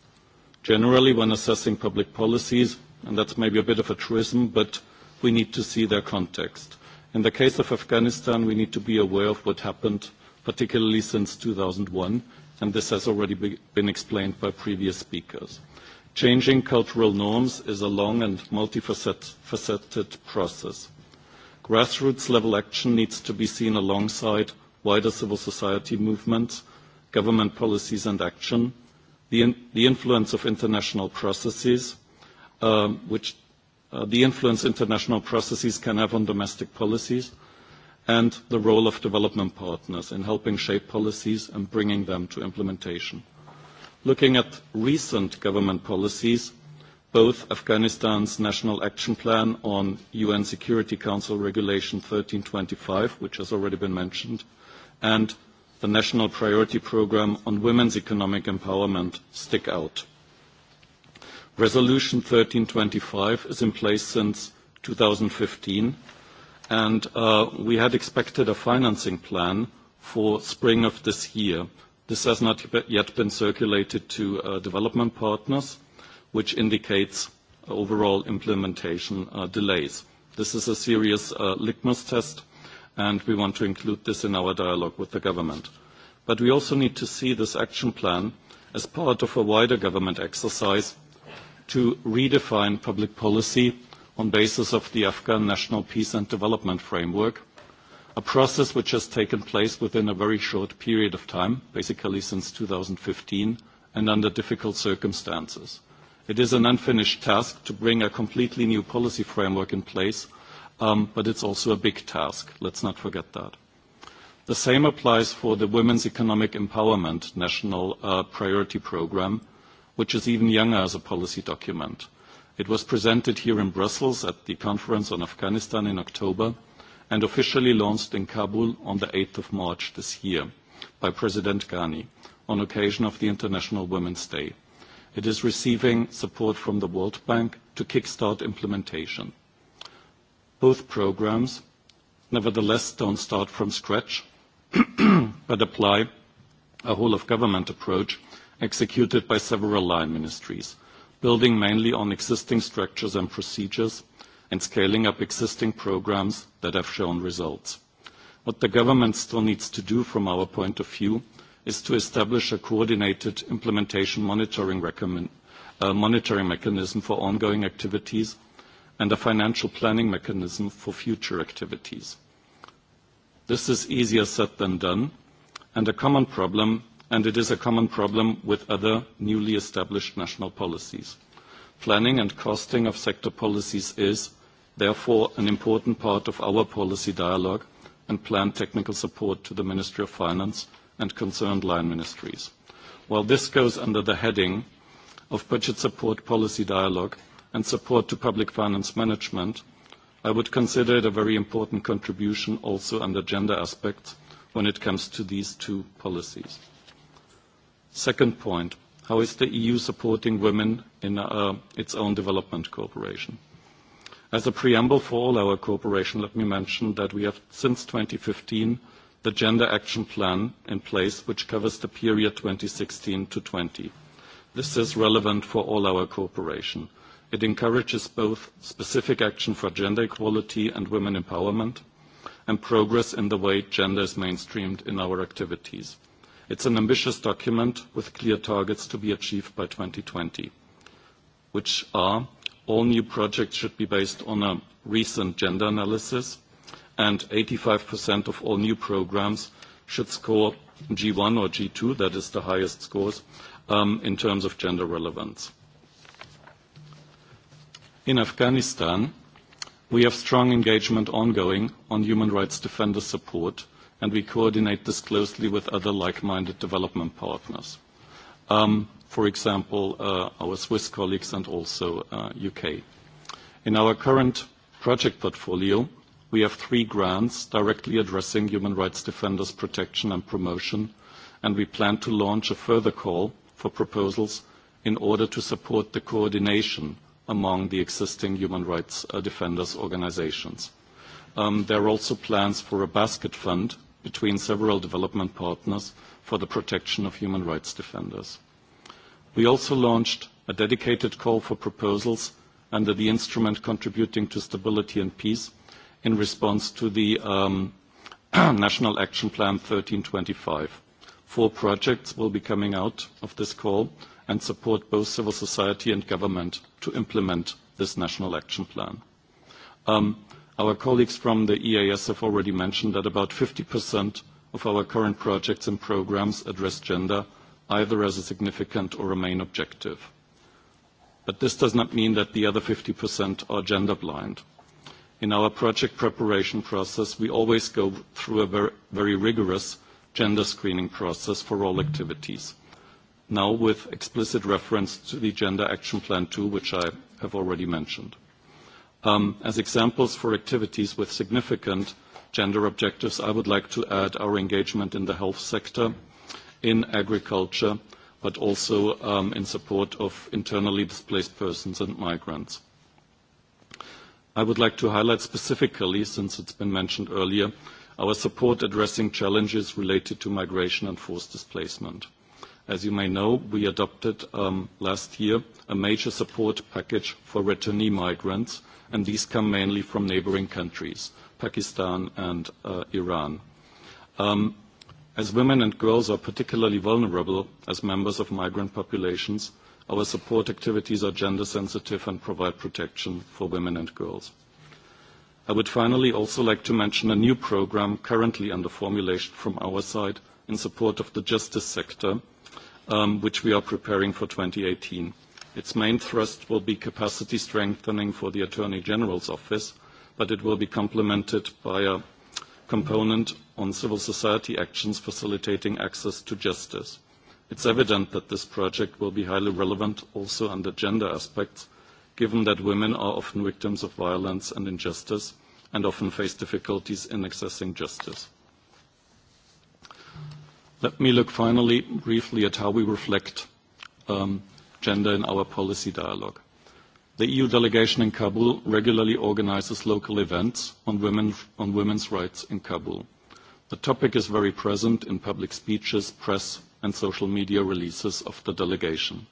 generally when assessing public policies, and that's maybe a bit of a truism, but we need to see their context. In the case of Afghanistan, we need to be aware of what happened, particularly since 2001, and this has already be, been explained by previous speakers. Changing cultural norms is a long and multifaceted process. Grassroots-level action needs to be seen alongside wider civil society movements, government policies and action, the, in, the influence of international processes, um, which uh, the influence international processes can have on domestic policies, and the role of development partners in helping shape policies and bringing them to implementation. Looking at recent government policies, both Afghanistan's National Action Plan on UN Security Council Regulation 1325, which has already been mentioned, and the National Priority Programme on Women's Economic Empowerment stick out. Resolution 1325 is in place since 2015, and uh, we had expected a financing plan for spring of this year. This has not yet been circulated to uh, development partners, which indicates overall implementation uh, delays. This is a serious uh, litmus test and we want to include this in our dialogue with the government. But we also need to see this action plan as part of a wider government exercise to redefine public policy on basis of the Afghan National Peace and Development Framework, a process which has taken place within a very short period of time, basically since 2015, and under difficult circumstances. It is an unfinished task to bring a completely new policy framework in place um, but it's also a big task. Let's not forget that. The same applies for the Women's Economic Empowerment National uh, Priority Program, which is even younger as a policy document. It was presented here in Brussels at the Conference on Afghanistan in October and officially launched in Kabul on the 8th of March this year by President Ghani on occasion of the International Women's Day. It is receiving support from the World Bank to kickstart implementation. Both programs, nevertheless, don't start from scratch, but apply a whole of government approach executed by several line ministries, building mainly on existing structures and procedures and scaling up existing programs that have shown results. What the government still needs to do from our point of view is to establish a coordinated implementation monitoring, recommend, uh, monitoring mechanism for ongoing activities and a financial planning mechanism for future activities. This is easier said than done, and a common problem, and it is a common problem with other newly established national policies. Planning and costing of sector policies is, therefore, an important part of our policy dialogue and planned technical support to the Ministry of Finance and concerned line ministries. While this goes under the heading of budget support policy dialogue, and support to public finance management, I would consider it a very important contribution also on the gender aspect when it comes to these two policies. Second point, how is the EU supporting women in uh, its own development cooperation? As a preamble for all our cooperation, let me mention that we have, since 2015, the Gender Action Plan in place, which covers the period 2016 to 2020. This is relevant for all our cooperation. It encourages both specific action for gender equality and women empowerment and progress in the way gender is mainstreamed in our activities. It's an ambitious document with clear targets to be achieved by 2020, which are all new projects should be based on a recent gender analysis, and 85% of all new programs should score G1 or G2, that is the highest scores, um, in terms of gender relevance. In Afghanistan, we have strong engagement ongoing on human rights defender support, and we coordinate this closely with other like-minded development partners. Um, for example, uh, our Swiss colleagues and also uh, U.K. In our current project portfolio, we have three grants directly addressing human rights defenders' protection and promotion, and we plan to launch a further call for proposals in order to support the coordination among the existing human rights uh, defenders organizations. Um, there are also plans for a basket fund between several development partners for the protection of human rights defenders. We also launched a dedicated call for proposals under the instrument contributing to stability and peace in response to the um, National Action Plan 1325. Four projects will be coming out of this call, and support both civil society and government to implement this national action plan. Um, our colleagues from the EAS have already mentioned that about 50% of our current projects and programs address gender either as a significant or a main objective. But this does not mean that the other 50% are gender blind. In our project preparation process, we always go through a very, very rigorous gender screening process for all activities now with explicit reference to the Gender Action Plan 2, which I have already mentioned. Um, as examples for activities with significant gender objectives, I would like to add our engagement in the health sector, in agriculture, but also um, in support of internally displaced persons and migrants. I would like to highlight specifically, since it's been mentioned earlier, our support addressing challenges related to migration and forced displacement. As you may know, we adopted um, last year a major support package for returnee migrants, and these come mainly from neighboring countries, Pakistan and uh, Iran. Um, as women and girls are particularly vulnerable as members of migrant populations, our support activities are gender sensitive and provide protection for women and girls. I would finally also like to mention a new program currently under formulation from our side in support of the justice sector, um, which we are preparing for 2018. Its main thrust will be capacity strengthening for the Attorney General's office, but it will be complemented by a component on civil society actions facilitating access to justice. It's evident that this project will be highly relevant also under gender aspects, given that women are often victims of violence and injustice and often face difficulties in accessing justice. Let me look finally briefly at how we reflect um, gender in our policy dialogue. The EU delegation in Kabul regularly organizes local events on, women, on women's rights in Kabul. The topic is very present in public speeches, press, and social media releases of the delegation.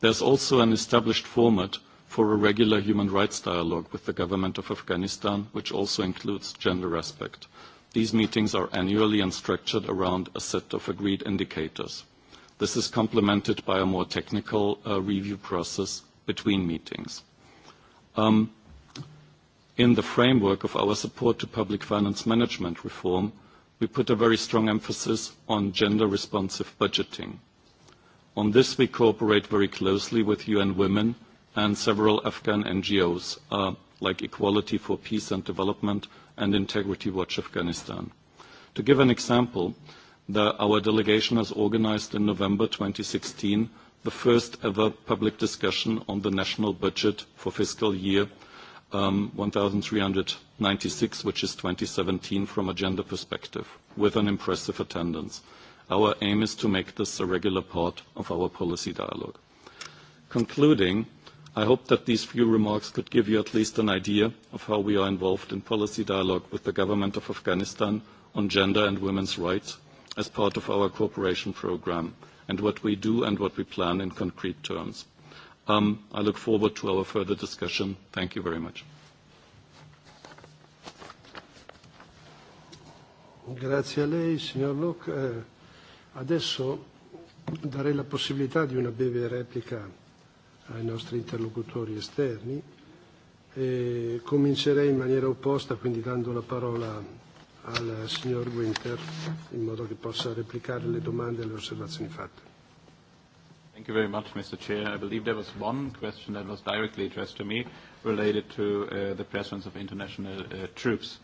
There's also an established format for a regular human rights dialogue with the government of Afghanistan, which also includes gender aspect. These meetings are annually and structured around a set of agreed indicators. This is complemented by a more technical uh, review process between meetings. Um, in the framework of our support to public finance management reform, we put a very strong emphasis on gender-responsive budgeting. On this, we cooperate very closely with UN Women and several Afghan NGOs, uh, like Equality for Peace and Development, and Integrity Watch Afghanistan. To give an example, the, our delegation has organized in November 2016 the first ever public discussion on the national budget for fiscal year um, 1396, which is 2017 from a gender perspective, with an impressive attendance. Our aim is to make this a regular part of our policy dialogue. Concluding, I hope that these few remarks could give you at least an idea of how we are involved in policy dialogue with the government of Afghanistan on gender and women's rights as part of our cooperation program, and what we do and what we plan in concrete terms. Um, I look forward to our further discussion. Thank you very much. Grazie a lei, signor Locke. Eh, adesso darei la possibilità di una breve replica ai nostri interlocutori esterni. E comincerei in maniera opposta, quindi dando la parola al signor Winter, in modo che possa replicare le domande e le osservazioni fatte. Thank you very much, Mr. Chair. I believe there was one question that was directly addressed to me related to uh, the presence of international uh, troops.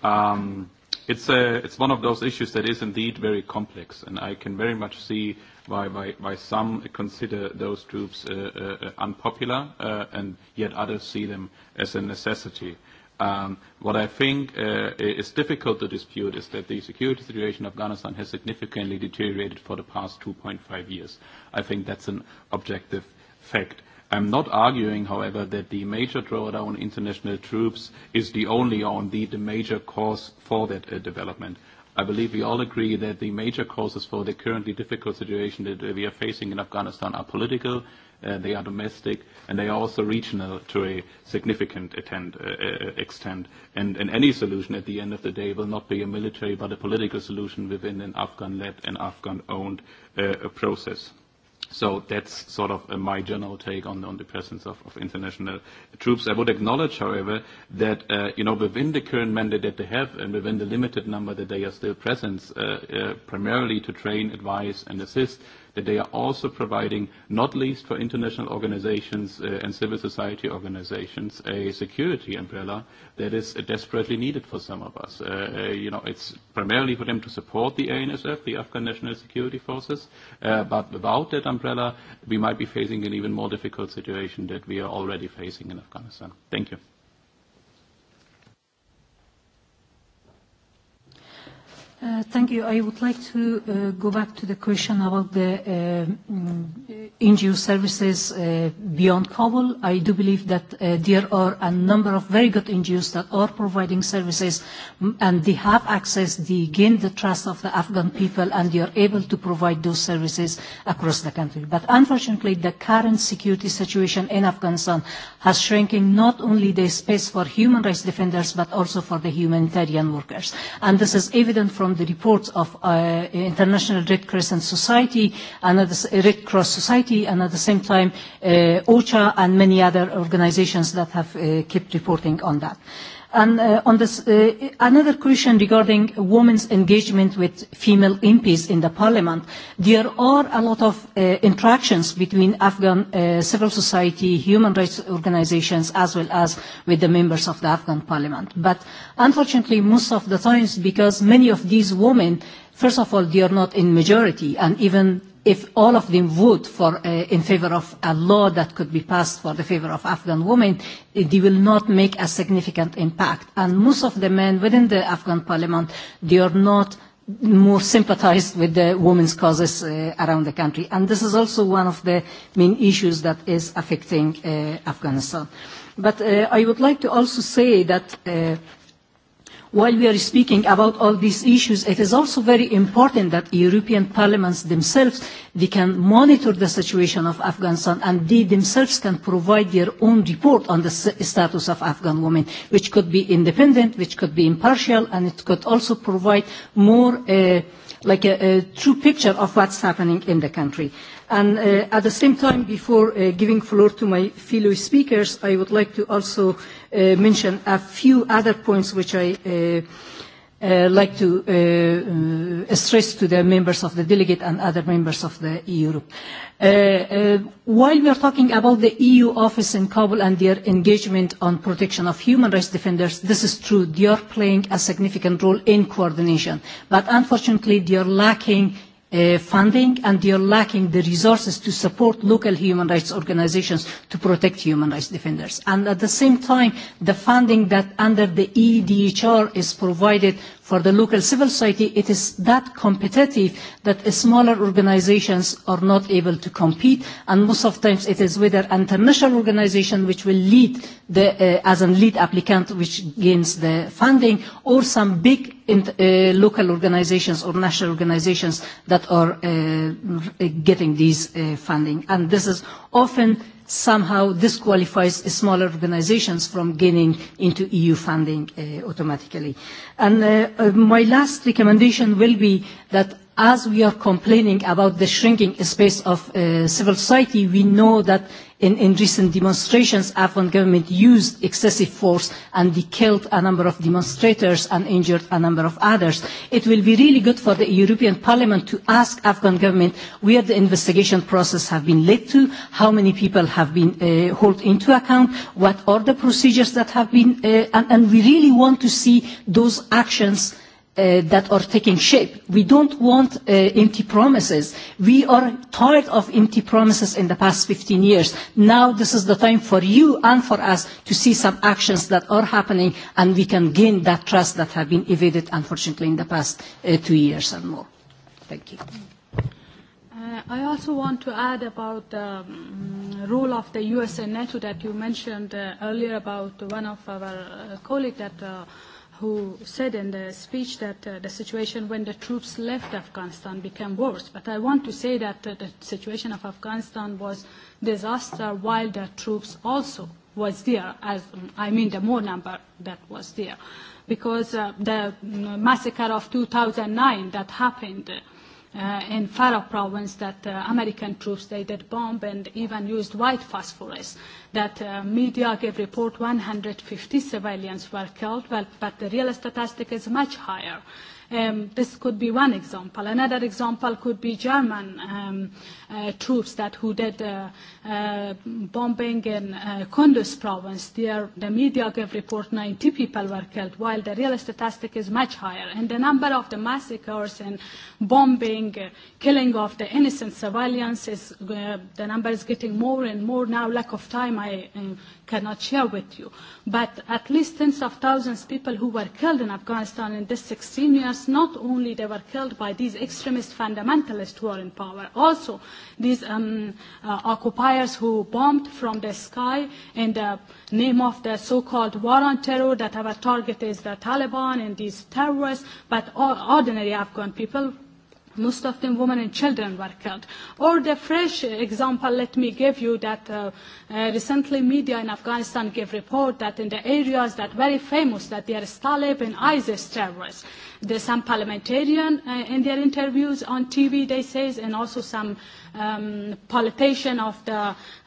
Um, it's, a, uh, it's one of those issues that is indeed very complex, and I can very much see why, why, why some consider those groups uh, uh, unpopular, uh, and yet others see them as a necessity. Um, what I think uh, is difficult to dispute is that the security situation in Afghanistan has significantly deteriorated for the past 2.5 years. I think that's an objective fact. Uh, I'm not arguing, however, that the major drawdown international troops is the only or indeed the major cause for that uh, development. I believe we all agree that the major causes for the currently difficult situation that uh, we are facing in Afghanistan are political, uh, they are domestic, and they are also regional to a significant attend, uh, uh extent. And, and any solution at the end of the day will not be a military but a political solution within an Afghan-led and Afghan-owned uh, process. So that's sort of uh, my general take on, on the presence of, of international troops. I would acknowledge, however, that uh, you know within the current mandate that they have and within the limited number that they are still present, uh, uh, primarily to train, advise, and assist, that they are also providing, not least for international organizations uh, and civil society organizations, a security umbrella that is uh, desperately needed for some of us. Uh, uh, you know, it's primarily for them to support the ANSF, the Afghan National Security Forces, uh, but without that umbrella, we might be facing an even more difficult situation that we are already facing in Afghanistan. Thank you. Uh, thank you. I would like to uh, go back to the question about the uh, mm, NGO services uh, beyond Kabul. I do believe that uh, there are a number of very good NGOs that are providing services, mm, and they have access, they gain the trust of the Afghan people, and they are able to provide those services across the country. But unfortunately, the current security situation in Afghanistan has shrinking not only the space for human rights defenders, but also for the humanitarian workers. And this is evident from from the reports of uh, International Red Crescent Society and at the Red Cross Society and at the same time uh, OCHA and many other organizations that have uh, kept reporting on that. Uh, And uh, on this, uh, another question regarding women's engagement with female MPs in the parliament. There are a lot of uh, interactions between Afghan uh, civil society, human rights organizations, as well as with the members of the Afghan parliament. But unfortunately, most of the times, because many of these women, first of all, they are not in majority, and even if all of them vote for, uh, in favor of a law that could be passed for the favor of Afghan women, they will not make a significant impact. And most of the men within the Afghan parliament, they are not more sympathized with the women's causes uh, around the country. And this is also one of the main issues that is affecting uh, Afghanistan. But uh, I would like to also say that uh, While we are speaking about all these issues, it is also very important that European parliaments themselves, they can monitor the situation of Afghanistan and they themselves can provide their own report on the status of Afghan women, which could be independent, which could be impartial, and it could also provide more uh, like a, a true picture of what's happening in the country. And uh, at the same time, before uh, giving floor to my fellow speakers, I would like to also uh, uh, mention a few other points which I uh, uh, like to uh, uh, stress to the members of the delegate and other members of the EU group. Uh, uh, while we are talking about the EU office in Kabul and their engagement on protection of human rights defenders, this is true. They are playing a significant role in coordination, but unfortunately they are lacking uh, funding and you're lacking the resources to support local human rights organizations to protect human rights defenders. And at the same time, the funding that under the EDHR is provided for the local civil society, it is that competitive that smaller organizations are not able to compete. And most of times it is with an international organization which will lead the, uh, as a lead applicant which gains the funding or some big in, uh, local organizations or national organizations that are uh, getting these uh, funding. And this is often somehow disqualifies smaller organizations from gaining into EU funding uh, automatically. And uh, uh, my last recommendation will be that as we are complaining about the shrinking space of uh, civil society, we know that in, in recent demonstrations, Afghan government used excessive force and they killed a number of demonstrators and injured a number of others. It will be really good for the European Parliament to ask Afghan government where the investigation process have been led to, how many people have been uh, held into account, what are the procedures that have been, uh, and, and we really want to see those actions uh, that are taking shape. We don't want uh, empty promises. We are tired of empty promises in the past 15 years. Now this is the time for you and for us to see some actions that are happening and we can gain that trust that have been evaded unfortunately in the past uh, two years and more. Thank you. Uh, I also want to add about the um, role of the US and NATO that you mentioned uh, earlier about one of our uh, colleagues that uh, who said in the speech that uh, the situation when the troops left Afghanistan became worse. But I want to say that uh, the situation of Afghanistan was disaster while the troops also was there, as um, I mean the more number that was there, because uh, the mm, massacre of 2009 that happened. Uh, uh, in Farah province that uh, American troops, they did bomb and even used white phosphorus. That uh, media gave report 150 civilians were killed, well, but the real statistic is much higher. Uh, Um, this could be one example. Another example could be German um, uh, troops that who did uh, uh, bombing in uh, Kunduz province. There, the media gave report 90 people were killed, while the real statistic is much higher. And the number of the massacres and bombing, uh, killing of the innocent civilians is uh, the number is getting more and more now. Lack of time, I uh, cannot share with you. But at least tens of thousands of people who were killed in Afghanistan in this 16 years Hamas, not only they were killed by these extremist fundamentalists who are in power, also these um, uh, occupiers who bombed from the sky in the name of the so-called war on terror that our target is the Taliban and these terrorists, but ordinary Afghan people most of them women and children were killed. Or the fresh example, let me give you that uh, uh, recently media in Afghanistan gave report that in the areas that very famous that there is Talib and ISIS terrorists. There's some parliamentarian uh, in their interviews on TV, they says, and also some um, politician of the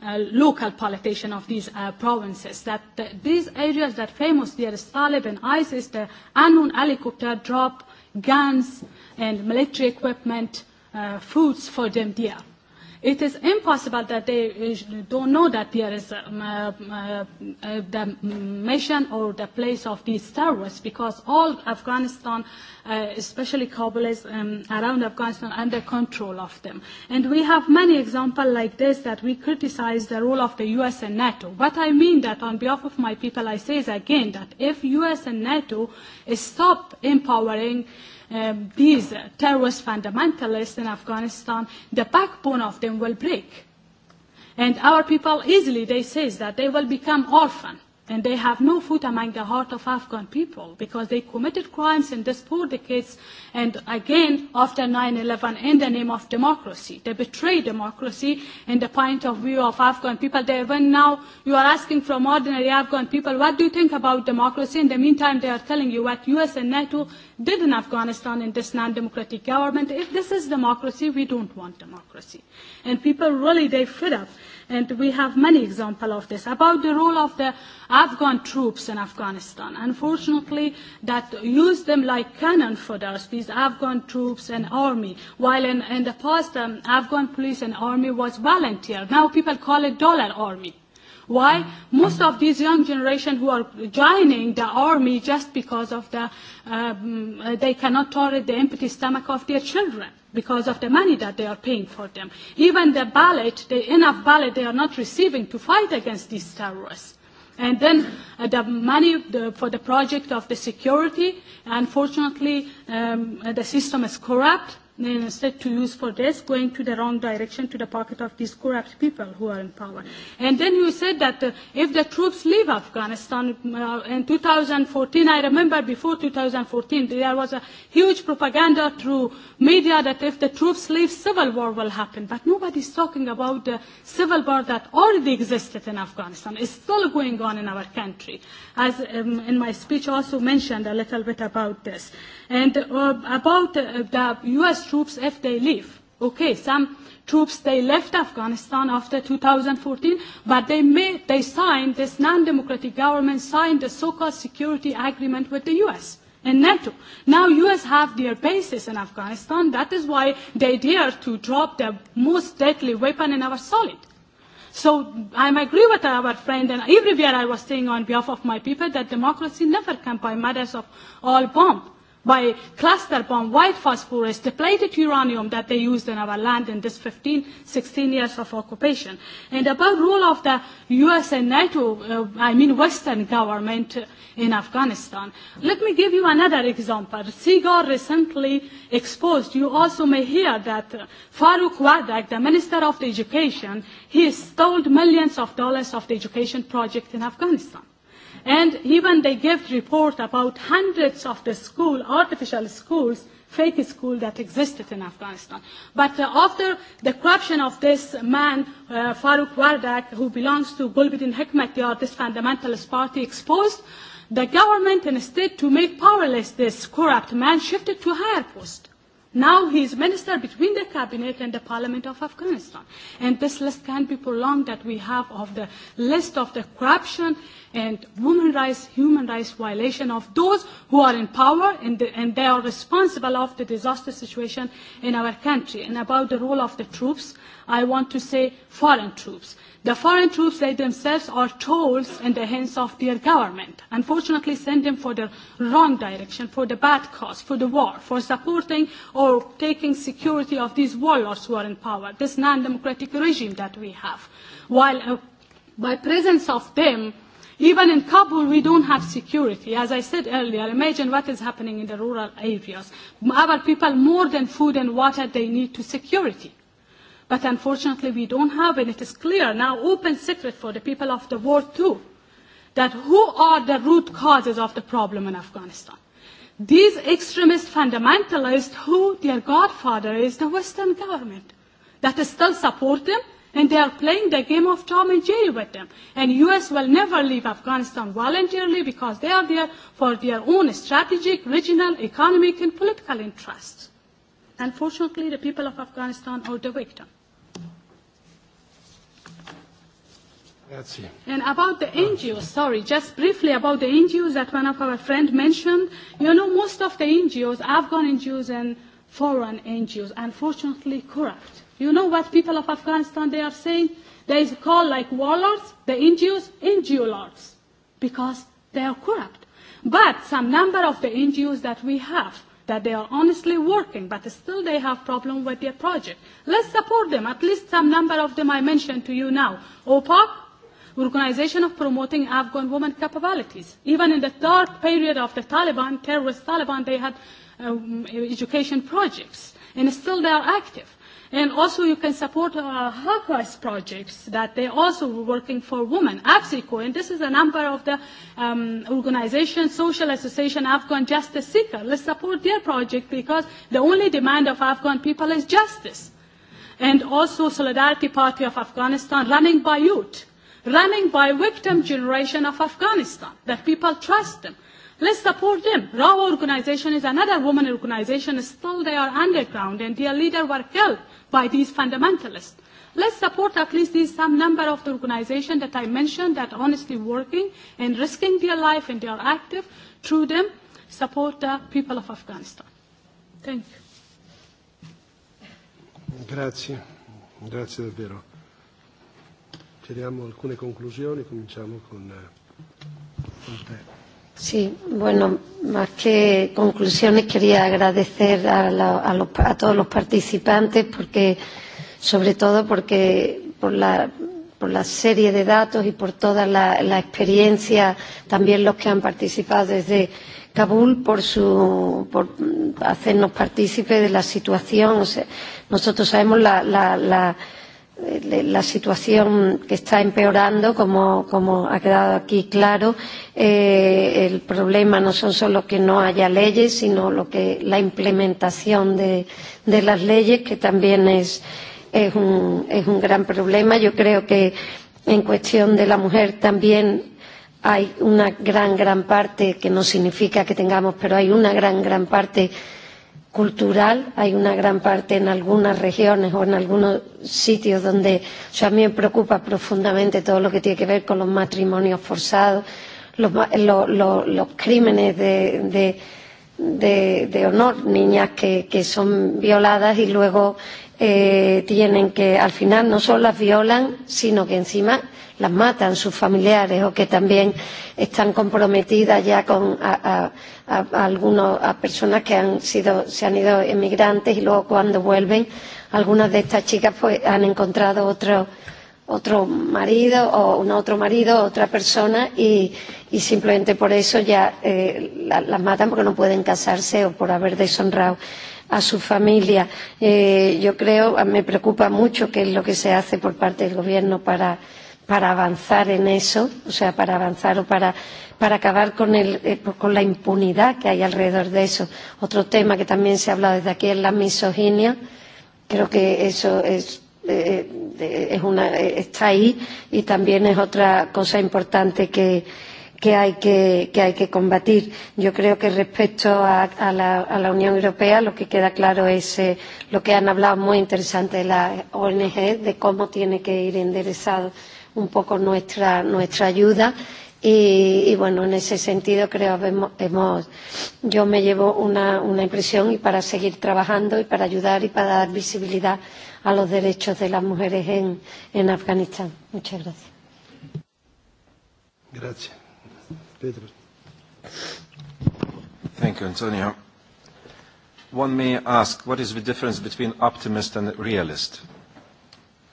uh, local politician of these uh, provinces, that the, these areas that famous, there is Talib and ISIS, the unknown helicopter drop, guns, uh, and military equipment, uh, foods for them there. It is impossible that they uh, don't know that there is um uh, um, uh, uh, the mission or the place of these terrorists because all Afghanistan uh, especially Kabulis um, around Afghanistan, under control of them. And we have many examples like this that we criticize the role of the US and NATO. But I mean that on behalf of my people, I say again that if US and NATO stop empowering um, these terrorist fundamentalists in Afghanistan, the backbone of them will break. And our people easily, they say that they will become orphan then they have no foot among the heart of Afghan people because they committed crimes in these four decades and again after 9-11 in the name of democracy. They betrayed democracy in the point of view of Afghan people. They even now, you are asking from ordinary Afghan people, what do you think about democracy? In the meantime, they are telling you what US and NATO did in Afghanistan in this non-democratic government. If this is democracy, we don't want democracy. And people really, they fed up. And we have many examples of this. About the role of the Afghan troops in Afghanistan. Unfortunately, that used them like cannon fodders, these Afghan troops and army. While in, in the past, um, Afghan police and army was volunteer. Now people call it dollar army Why? Most of these young generation who are joining the army just because of the, um, uh, they cannot tolerate the empty stomach of their children because of the money that they are paying for them. Even the ballot, the enough ballot they are not receiving to fight against these terrorists. And then uh, the money the, for the project of the security, unfortunately, um, the system is corrupt and instead to use for this, going to the wrong direction to the pocket of these corrupt people who are in power. And then you said that uh, if the troops leave Afghanistan uh, in 2014, I remember before 2014, there was a huge propaganda through media that if the troops leave, civil war will happen. But nobody's talking about the civil war that already existed in Afghanistan. It's still going on in our country. As um, in my speech also mentioned a little bit about this. And uh, about uh, the U.S. US troops if they leave. Okay, some troops, they left Afghanistan after 2014, but they, made, they signed, this non-democratic government signed the so-called security agreement with the U.S. and NATO. Now U.S. have their bases in Afghanistan. That is why they dare to drop the most deadly weapon in our solid. So I agree with our friend, and everywhere I was saying on behalf of my people that democracy never can by matters of all bomb by cluster bomb, white phosphorus, depleted uranium that they used in our land in this 15, 16 years of occupation. And about role of the US and NATO, uh, I mean Western government in Afghanistan. Let me give you another example. Sigar recently exposed, you also may hear that uh, Farooq Wardak, the Minister of the Education, he stole millions of dollars of the education project in Afghanistan. And even they give report about hundreds of the school, artificial schools, fake school that existed in Afghanistan. But uh, after the corruption of this man, uh, Farooq Wardak, who belongs to Gulbuddin Hikmat Yar, this fundamentalist party, exposed, the government, instead to make powerless this corrupt man, shifted to higher post. Now he is minister between the cabinet and the parliament of Afghanistan. And this list can be prolonged that we have of the list of the corruption and women rights, human rights violation of those who are in power and, the, and they are responsible of the disaster situation in our country. And about the role of the troops, I want to say foreign troops. The foreign troops, they themselves are tools in the hands of their government. Unfortunately, send them for the wrong direction, for the bad cause, for the war, for supporting or taking security of these warlords who are in power, this non-democratic regime that we have. While uh, by presence of them, Even in Kabul, we don't have security. As I said earlier, imagine what is happening in the rural areas. Our people, more than food and water, they need to security. But unfortunately, we don't have, and it is clear now, open secret for the people of the world too, that who are the root causes of the problem in Afghanistan. These extremist fundamentalists, who their godfather is the Western government, that still support them, and they are playing the game of Tom and Jerry with them. And U.S. will never leave Afghanistan voluntarily because they are there for their own strategic, regional, economic, and political interests. Unfortunately, the people of Afghanistan are the victim. Grazie. And about the NGOs, sorry, just briefly about the NGOs that one of our friends mentioned. You know, most of the NGOs, Afghan NGOs and foreign NGOs, unfortunately corrupt. You know what people of Afghanistan, they are saying? They is called like warlords, the NGOs, NGO lords, because they are corrupt. But some number of the NGOs that we have, that they are honestly working, but still they have problem with their project. Let's support them. At least some number of them I mentioned to you now. OPOC, Organization of Promoting Afghan Women Capabilities. Even in the dark period of the Taliban, terrorist Taliban, they had um, education projects, and still they are active. And also you can support uh, housewives projects that they also were working for women, AFSICO, and this is a number of the um, organizations, social association, Afghan justice seeker. Let's support their project because the only demand of Afghan people is justice. And also Solidarity Party of Afghanistan running by youth, running by victim generation of Afghanistan, that people trust them. Let's support them. Raw organization is another woman organization. Still, they are underground, and their leader were killed by these fundamentalists. Let's support at least these some number of the organizations that I mentioned that are honestly working and risking their life and they are active. Through them, support the people of Afghanistan. Thank you. Grazie, grazie davvero. Tiriamo alcune conclusioni, cominciamo con, eh, con te. Sí, bueno, más que conclusiones quería agradecer a, la, a, los, a todos los participantes porque, sobre todo porque por la, por la serie de datos y por toda la, la experiencia, también los que han participado desde Kabul por, su, por hacernos partícipes de la situación. O sea, nosotros sabemos la, la, la la situación que está empeorando, como, como ha quedado aquí claro, eh, el problema no son solo que no haya leyes, sino lo que, la implementación de, de las leyes, que también es, es, un, es un gran problema. Yo creo que en cuestión de la mujer también hay una gran, gran parte, que no significa que tengamos, pero hay una gran, gran parte cultural. Hay una gran parte en algunas regiones o en algunos sitios donde o sea, a mí me preocupa profundamente todo lo que tiene que ver con los matrimonios forzados, los, los, los, los crímenes de, de, de, de honor, niñas que, que son violadas y luego eh, tienen que, al final, no solo las violan, sino que encima las matan sus familiares o que también están comprometidas ya con a, a, a, a algunos a personas que han sido se han ido emigrantes y luego cuando vuelven algunas de estas chicas pues han encontrado otro otro marido o un otro marido otra persona y, y simplemente por eso ya eh, las la matan porque no pueden casarse o por haber deshonrado a su familia. Eh, yo creo, me preocupa mucho qué es lo que se hace por parte del gobierno para eh, para avanzar en eso, o sea, para avanzar o para, para acabar con, el, eh, con la impunidad que hay alrededor de eso. Otro tema que también se ha hablado desde aquí es la misoginia. Creo que eso es, eh, eh es una, eh, está ahí y también es otra cosa importante que, que, hay que, que hay que combatir. Yo creo que respecto a, a, la, a la Unión Europea lo que queda claro es eh, lo que han hablado muy interesante las ONG de cómo tiene que ir enderezado. Eh, un poco nuestra, nuestra ayuda. Y, y bueno, en ese sentido creo que hemos, hemos, yo me llevo una, una impresión y para seguir trabajando y para ayudar y para dar visibilidad a los derechos de las mujeres en, en Afganistán. Muchas gracias. Gracias. Pedro. Thank you, Antonio. One may ask, what is the difference between optimist and realist?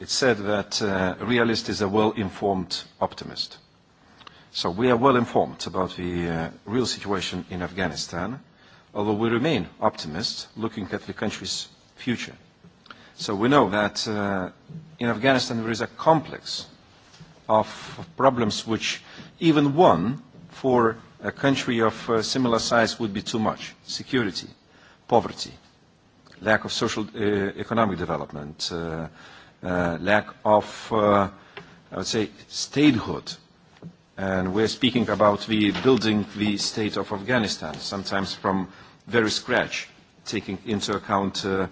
it said that uh, realist is a well-informed optimist. So we are well informed about the uh, real situation in Afghanistan, although we remain optimists looking at the country's future. So we know that uh, in Afghanistan there is a complex of problems which even one for a country of uh, similar size would be too much. Security, poverty, lack of social uh, economic development, uh, uh, lack of, uh, I would say, statehood. And we're speaking about the building the state of Afghanistan, sometimes from very scratch, taking into account uh,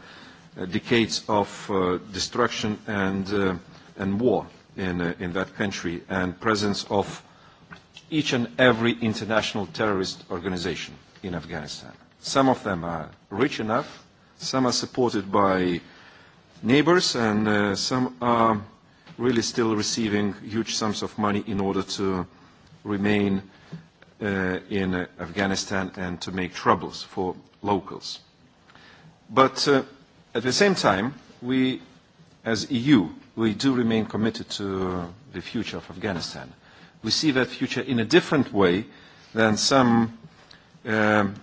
uh, decades of uh, destruction and, uh, and war in, uh, in that country and presence of each and every international terrorist organization in Afghanistan. Some of them are rich enough, some are supported by uh, neighbors, and uh, some are really still receiving huge sums of money in order to remain uh, in uh, Afghanistan and to make troubles for locals. But uh, at the same time, we, as EU, we do remain committed to the future of Afghanistan. We see that future in a different way than some um,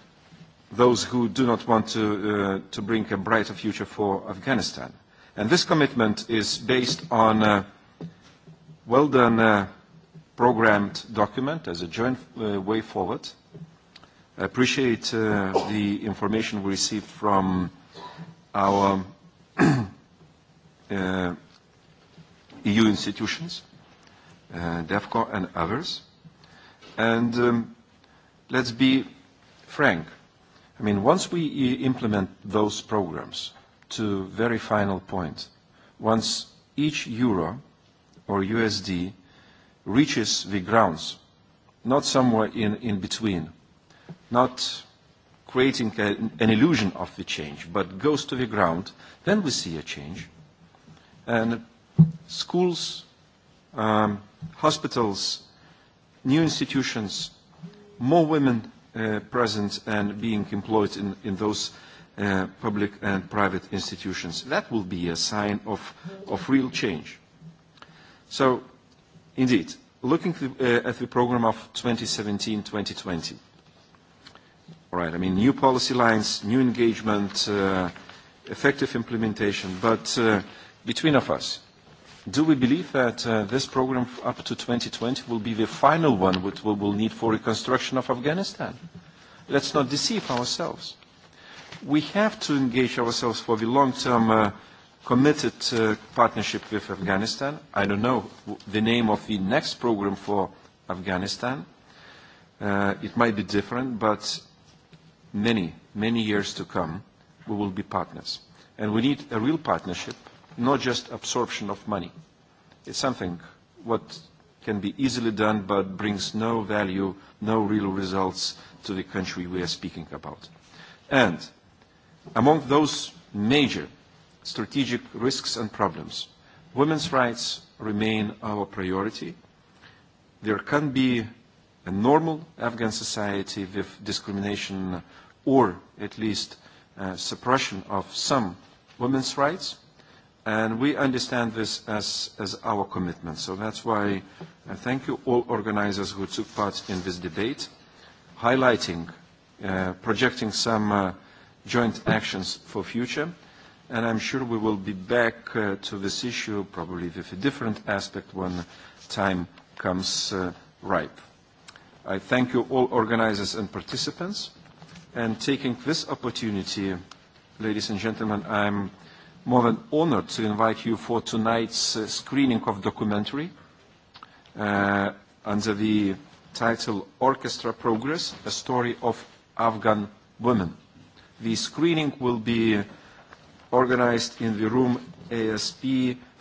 those who do not want to, uh, to bring a brighter future for Afghanistan. And this commitment is based on a well-done uh, programmed document as a joint uh, way forward. I appreciate uh, the information we received from our uh, EU institutions, uh, DEFCO and others. And um, let's be frank. I mean, once we uh, implement those programs, to very final point. Once each euro or USD reaches the grounds, not somewhere in, in between, not creating a, an illusion of the change, but goes to the ground, then we see a change. And schools, um, hospitals, new institutions, more women uh, present and being employed in, in those uh, public and private institutions. That will be a sign of, of real change. So, indeed, looking the, uh, at the program of 2017-2020, all right, I mean, new policy lines, new engagement, uh, effective implementation, but uh, between of us, do we believe that uh, this program up to 2020 will be the final one which we will need for reconstruction of Afghanistan? Let's not deceive ourselves we have to engage ourselves for the long-term uh, committed uh, partnership with Afghanistan. I don't know the name of the next program for Afghanistan. Uh, it might be different, but many, many years to come, we will be partners. And we need a real partnership, not just absorption of money. It's something what can be easily done but brings no value, no real results to the country we are speaking about. And Among those major strategic risks and problems, women's rights remain our priority. There can be a normal Afghan society with discrimination or at least uh, suppression of some women's rights, and we understand this as, as our commitment. So that's why I uh, thank you all organizers who took part in this debate, highlighting, uh, projecting some uh, joint actions for future. And I'm sure we will be back uh, to this issue, probably with a different aspect when time comes uh, ripe. I thank you all organizers and participants. And taking this opportunity, ladies and gentlemen, I'm more than honored to invite you for tonight's uh, screening of documentary uh, under the title Orchestra Progress, a story of Afghan women. The screening will be organized in the room ASP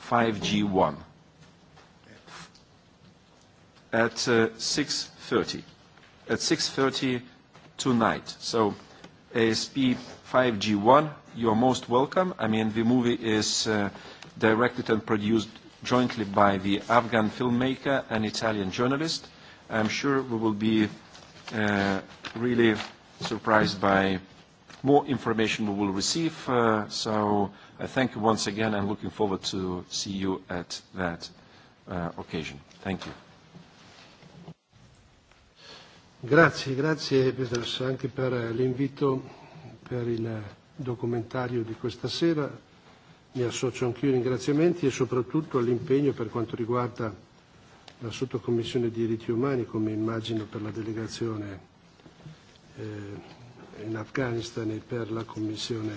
5G1 at uh, 6.30, at 6.30 tonight. So ASP 5G1, you're most welcome. I mean, the movie is uh, directed and produced jointly by the Afghan filmmaker and Italian journalist. I'm sure we will be uh, really surprised by more information we will receive. Uh, so I uh, thank you once again and looking forward to see you at that uh, occasion. Thank you. Grazie, grazie Peters anche per eh, l'invito, per il eh, documentario di questa sera. Mi associo anch'io ai ringraziamenti e soprattutto all'impegno per quanto riguarda la sottocommissione diritti umani, come immagino per la delegazione eh, in Afghanistan e per la Commissione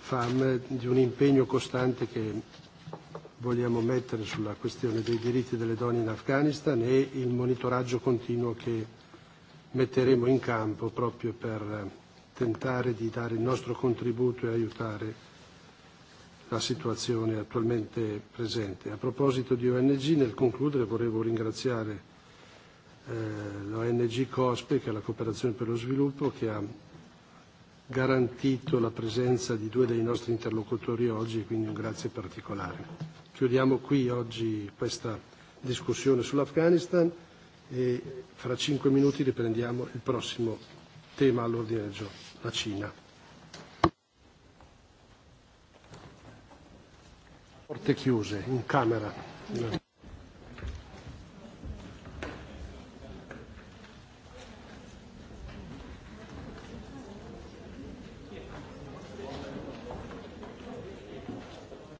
FAM di un impegno costante che vogliamo mettere sulla questione dei diritti delle donne in Afghanistan e il monitoraggio continuo che metteremo in campo proprio per tentare di dare il nostro contributo e aiutare la situazione attualmente presente. A proposito di ONG, nel concludere volevo ringraziare eh, l'ONG COSPE, che è la cooperazione per lo sviluppo, che ha garantito la presenza di due dei nostri interlocutori oggi e quindi un grazie particolare. Chiudiamo qui oggi questa discussione sull'Afghanistan e fra cinque minuti riprendiamo il prossimo tema all'ordine del giorno, la Cina. Porte chiuse, in camera.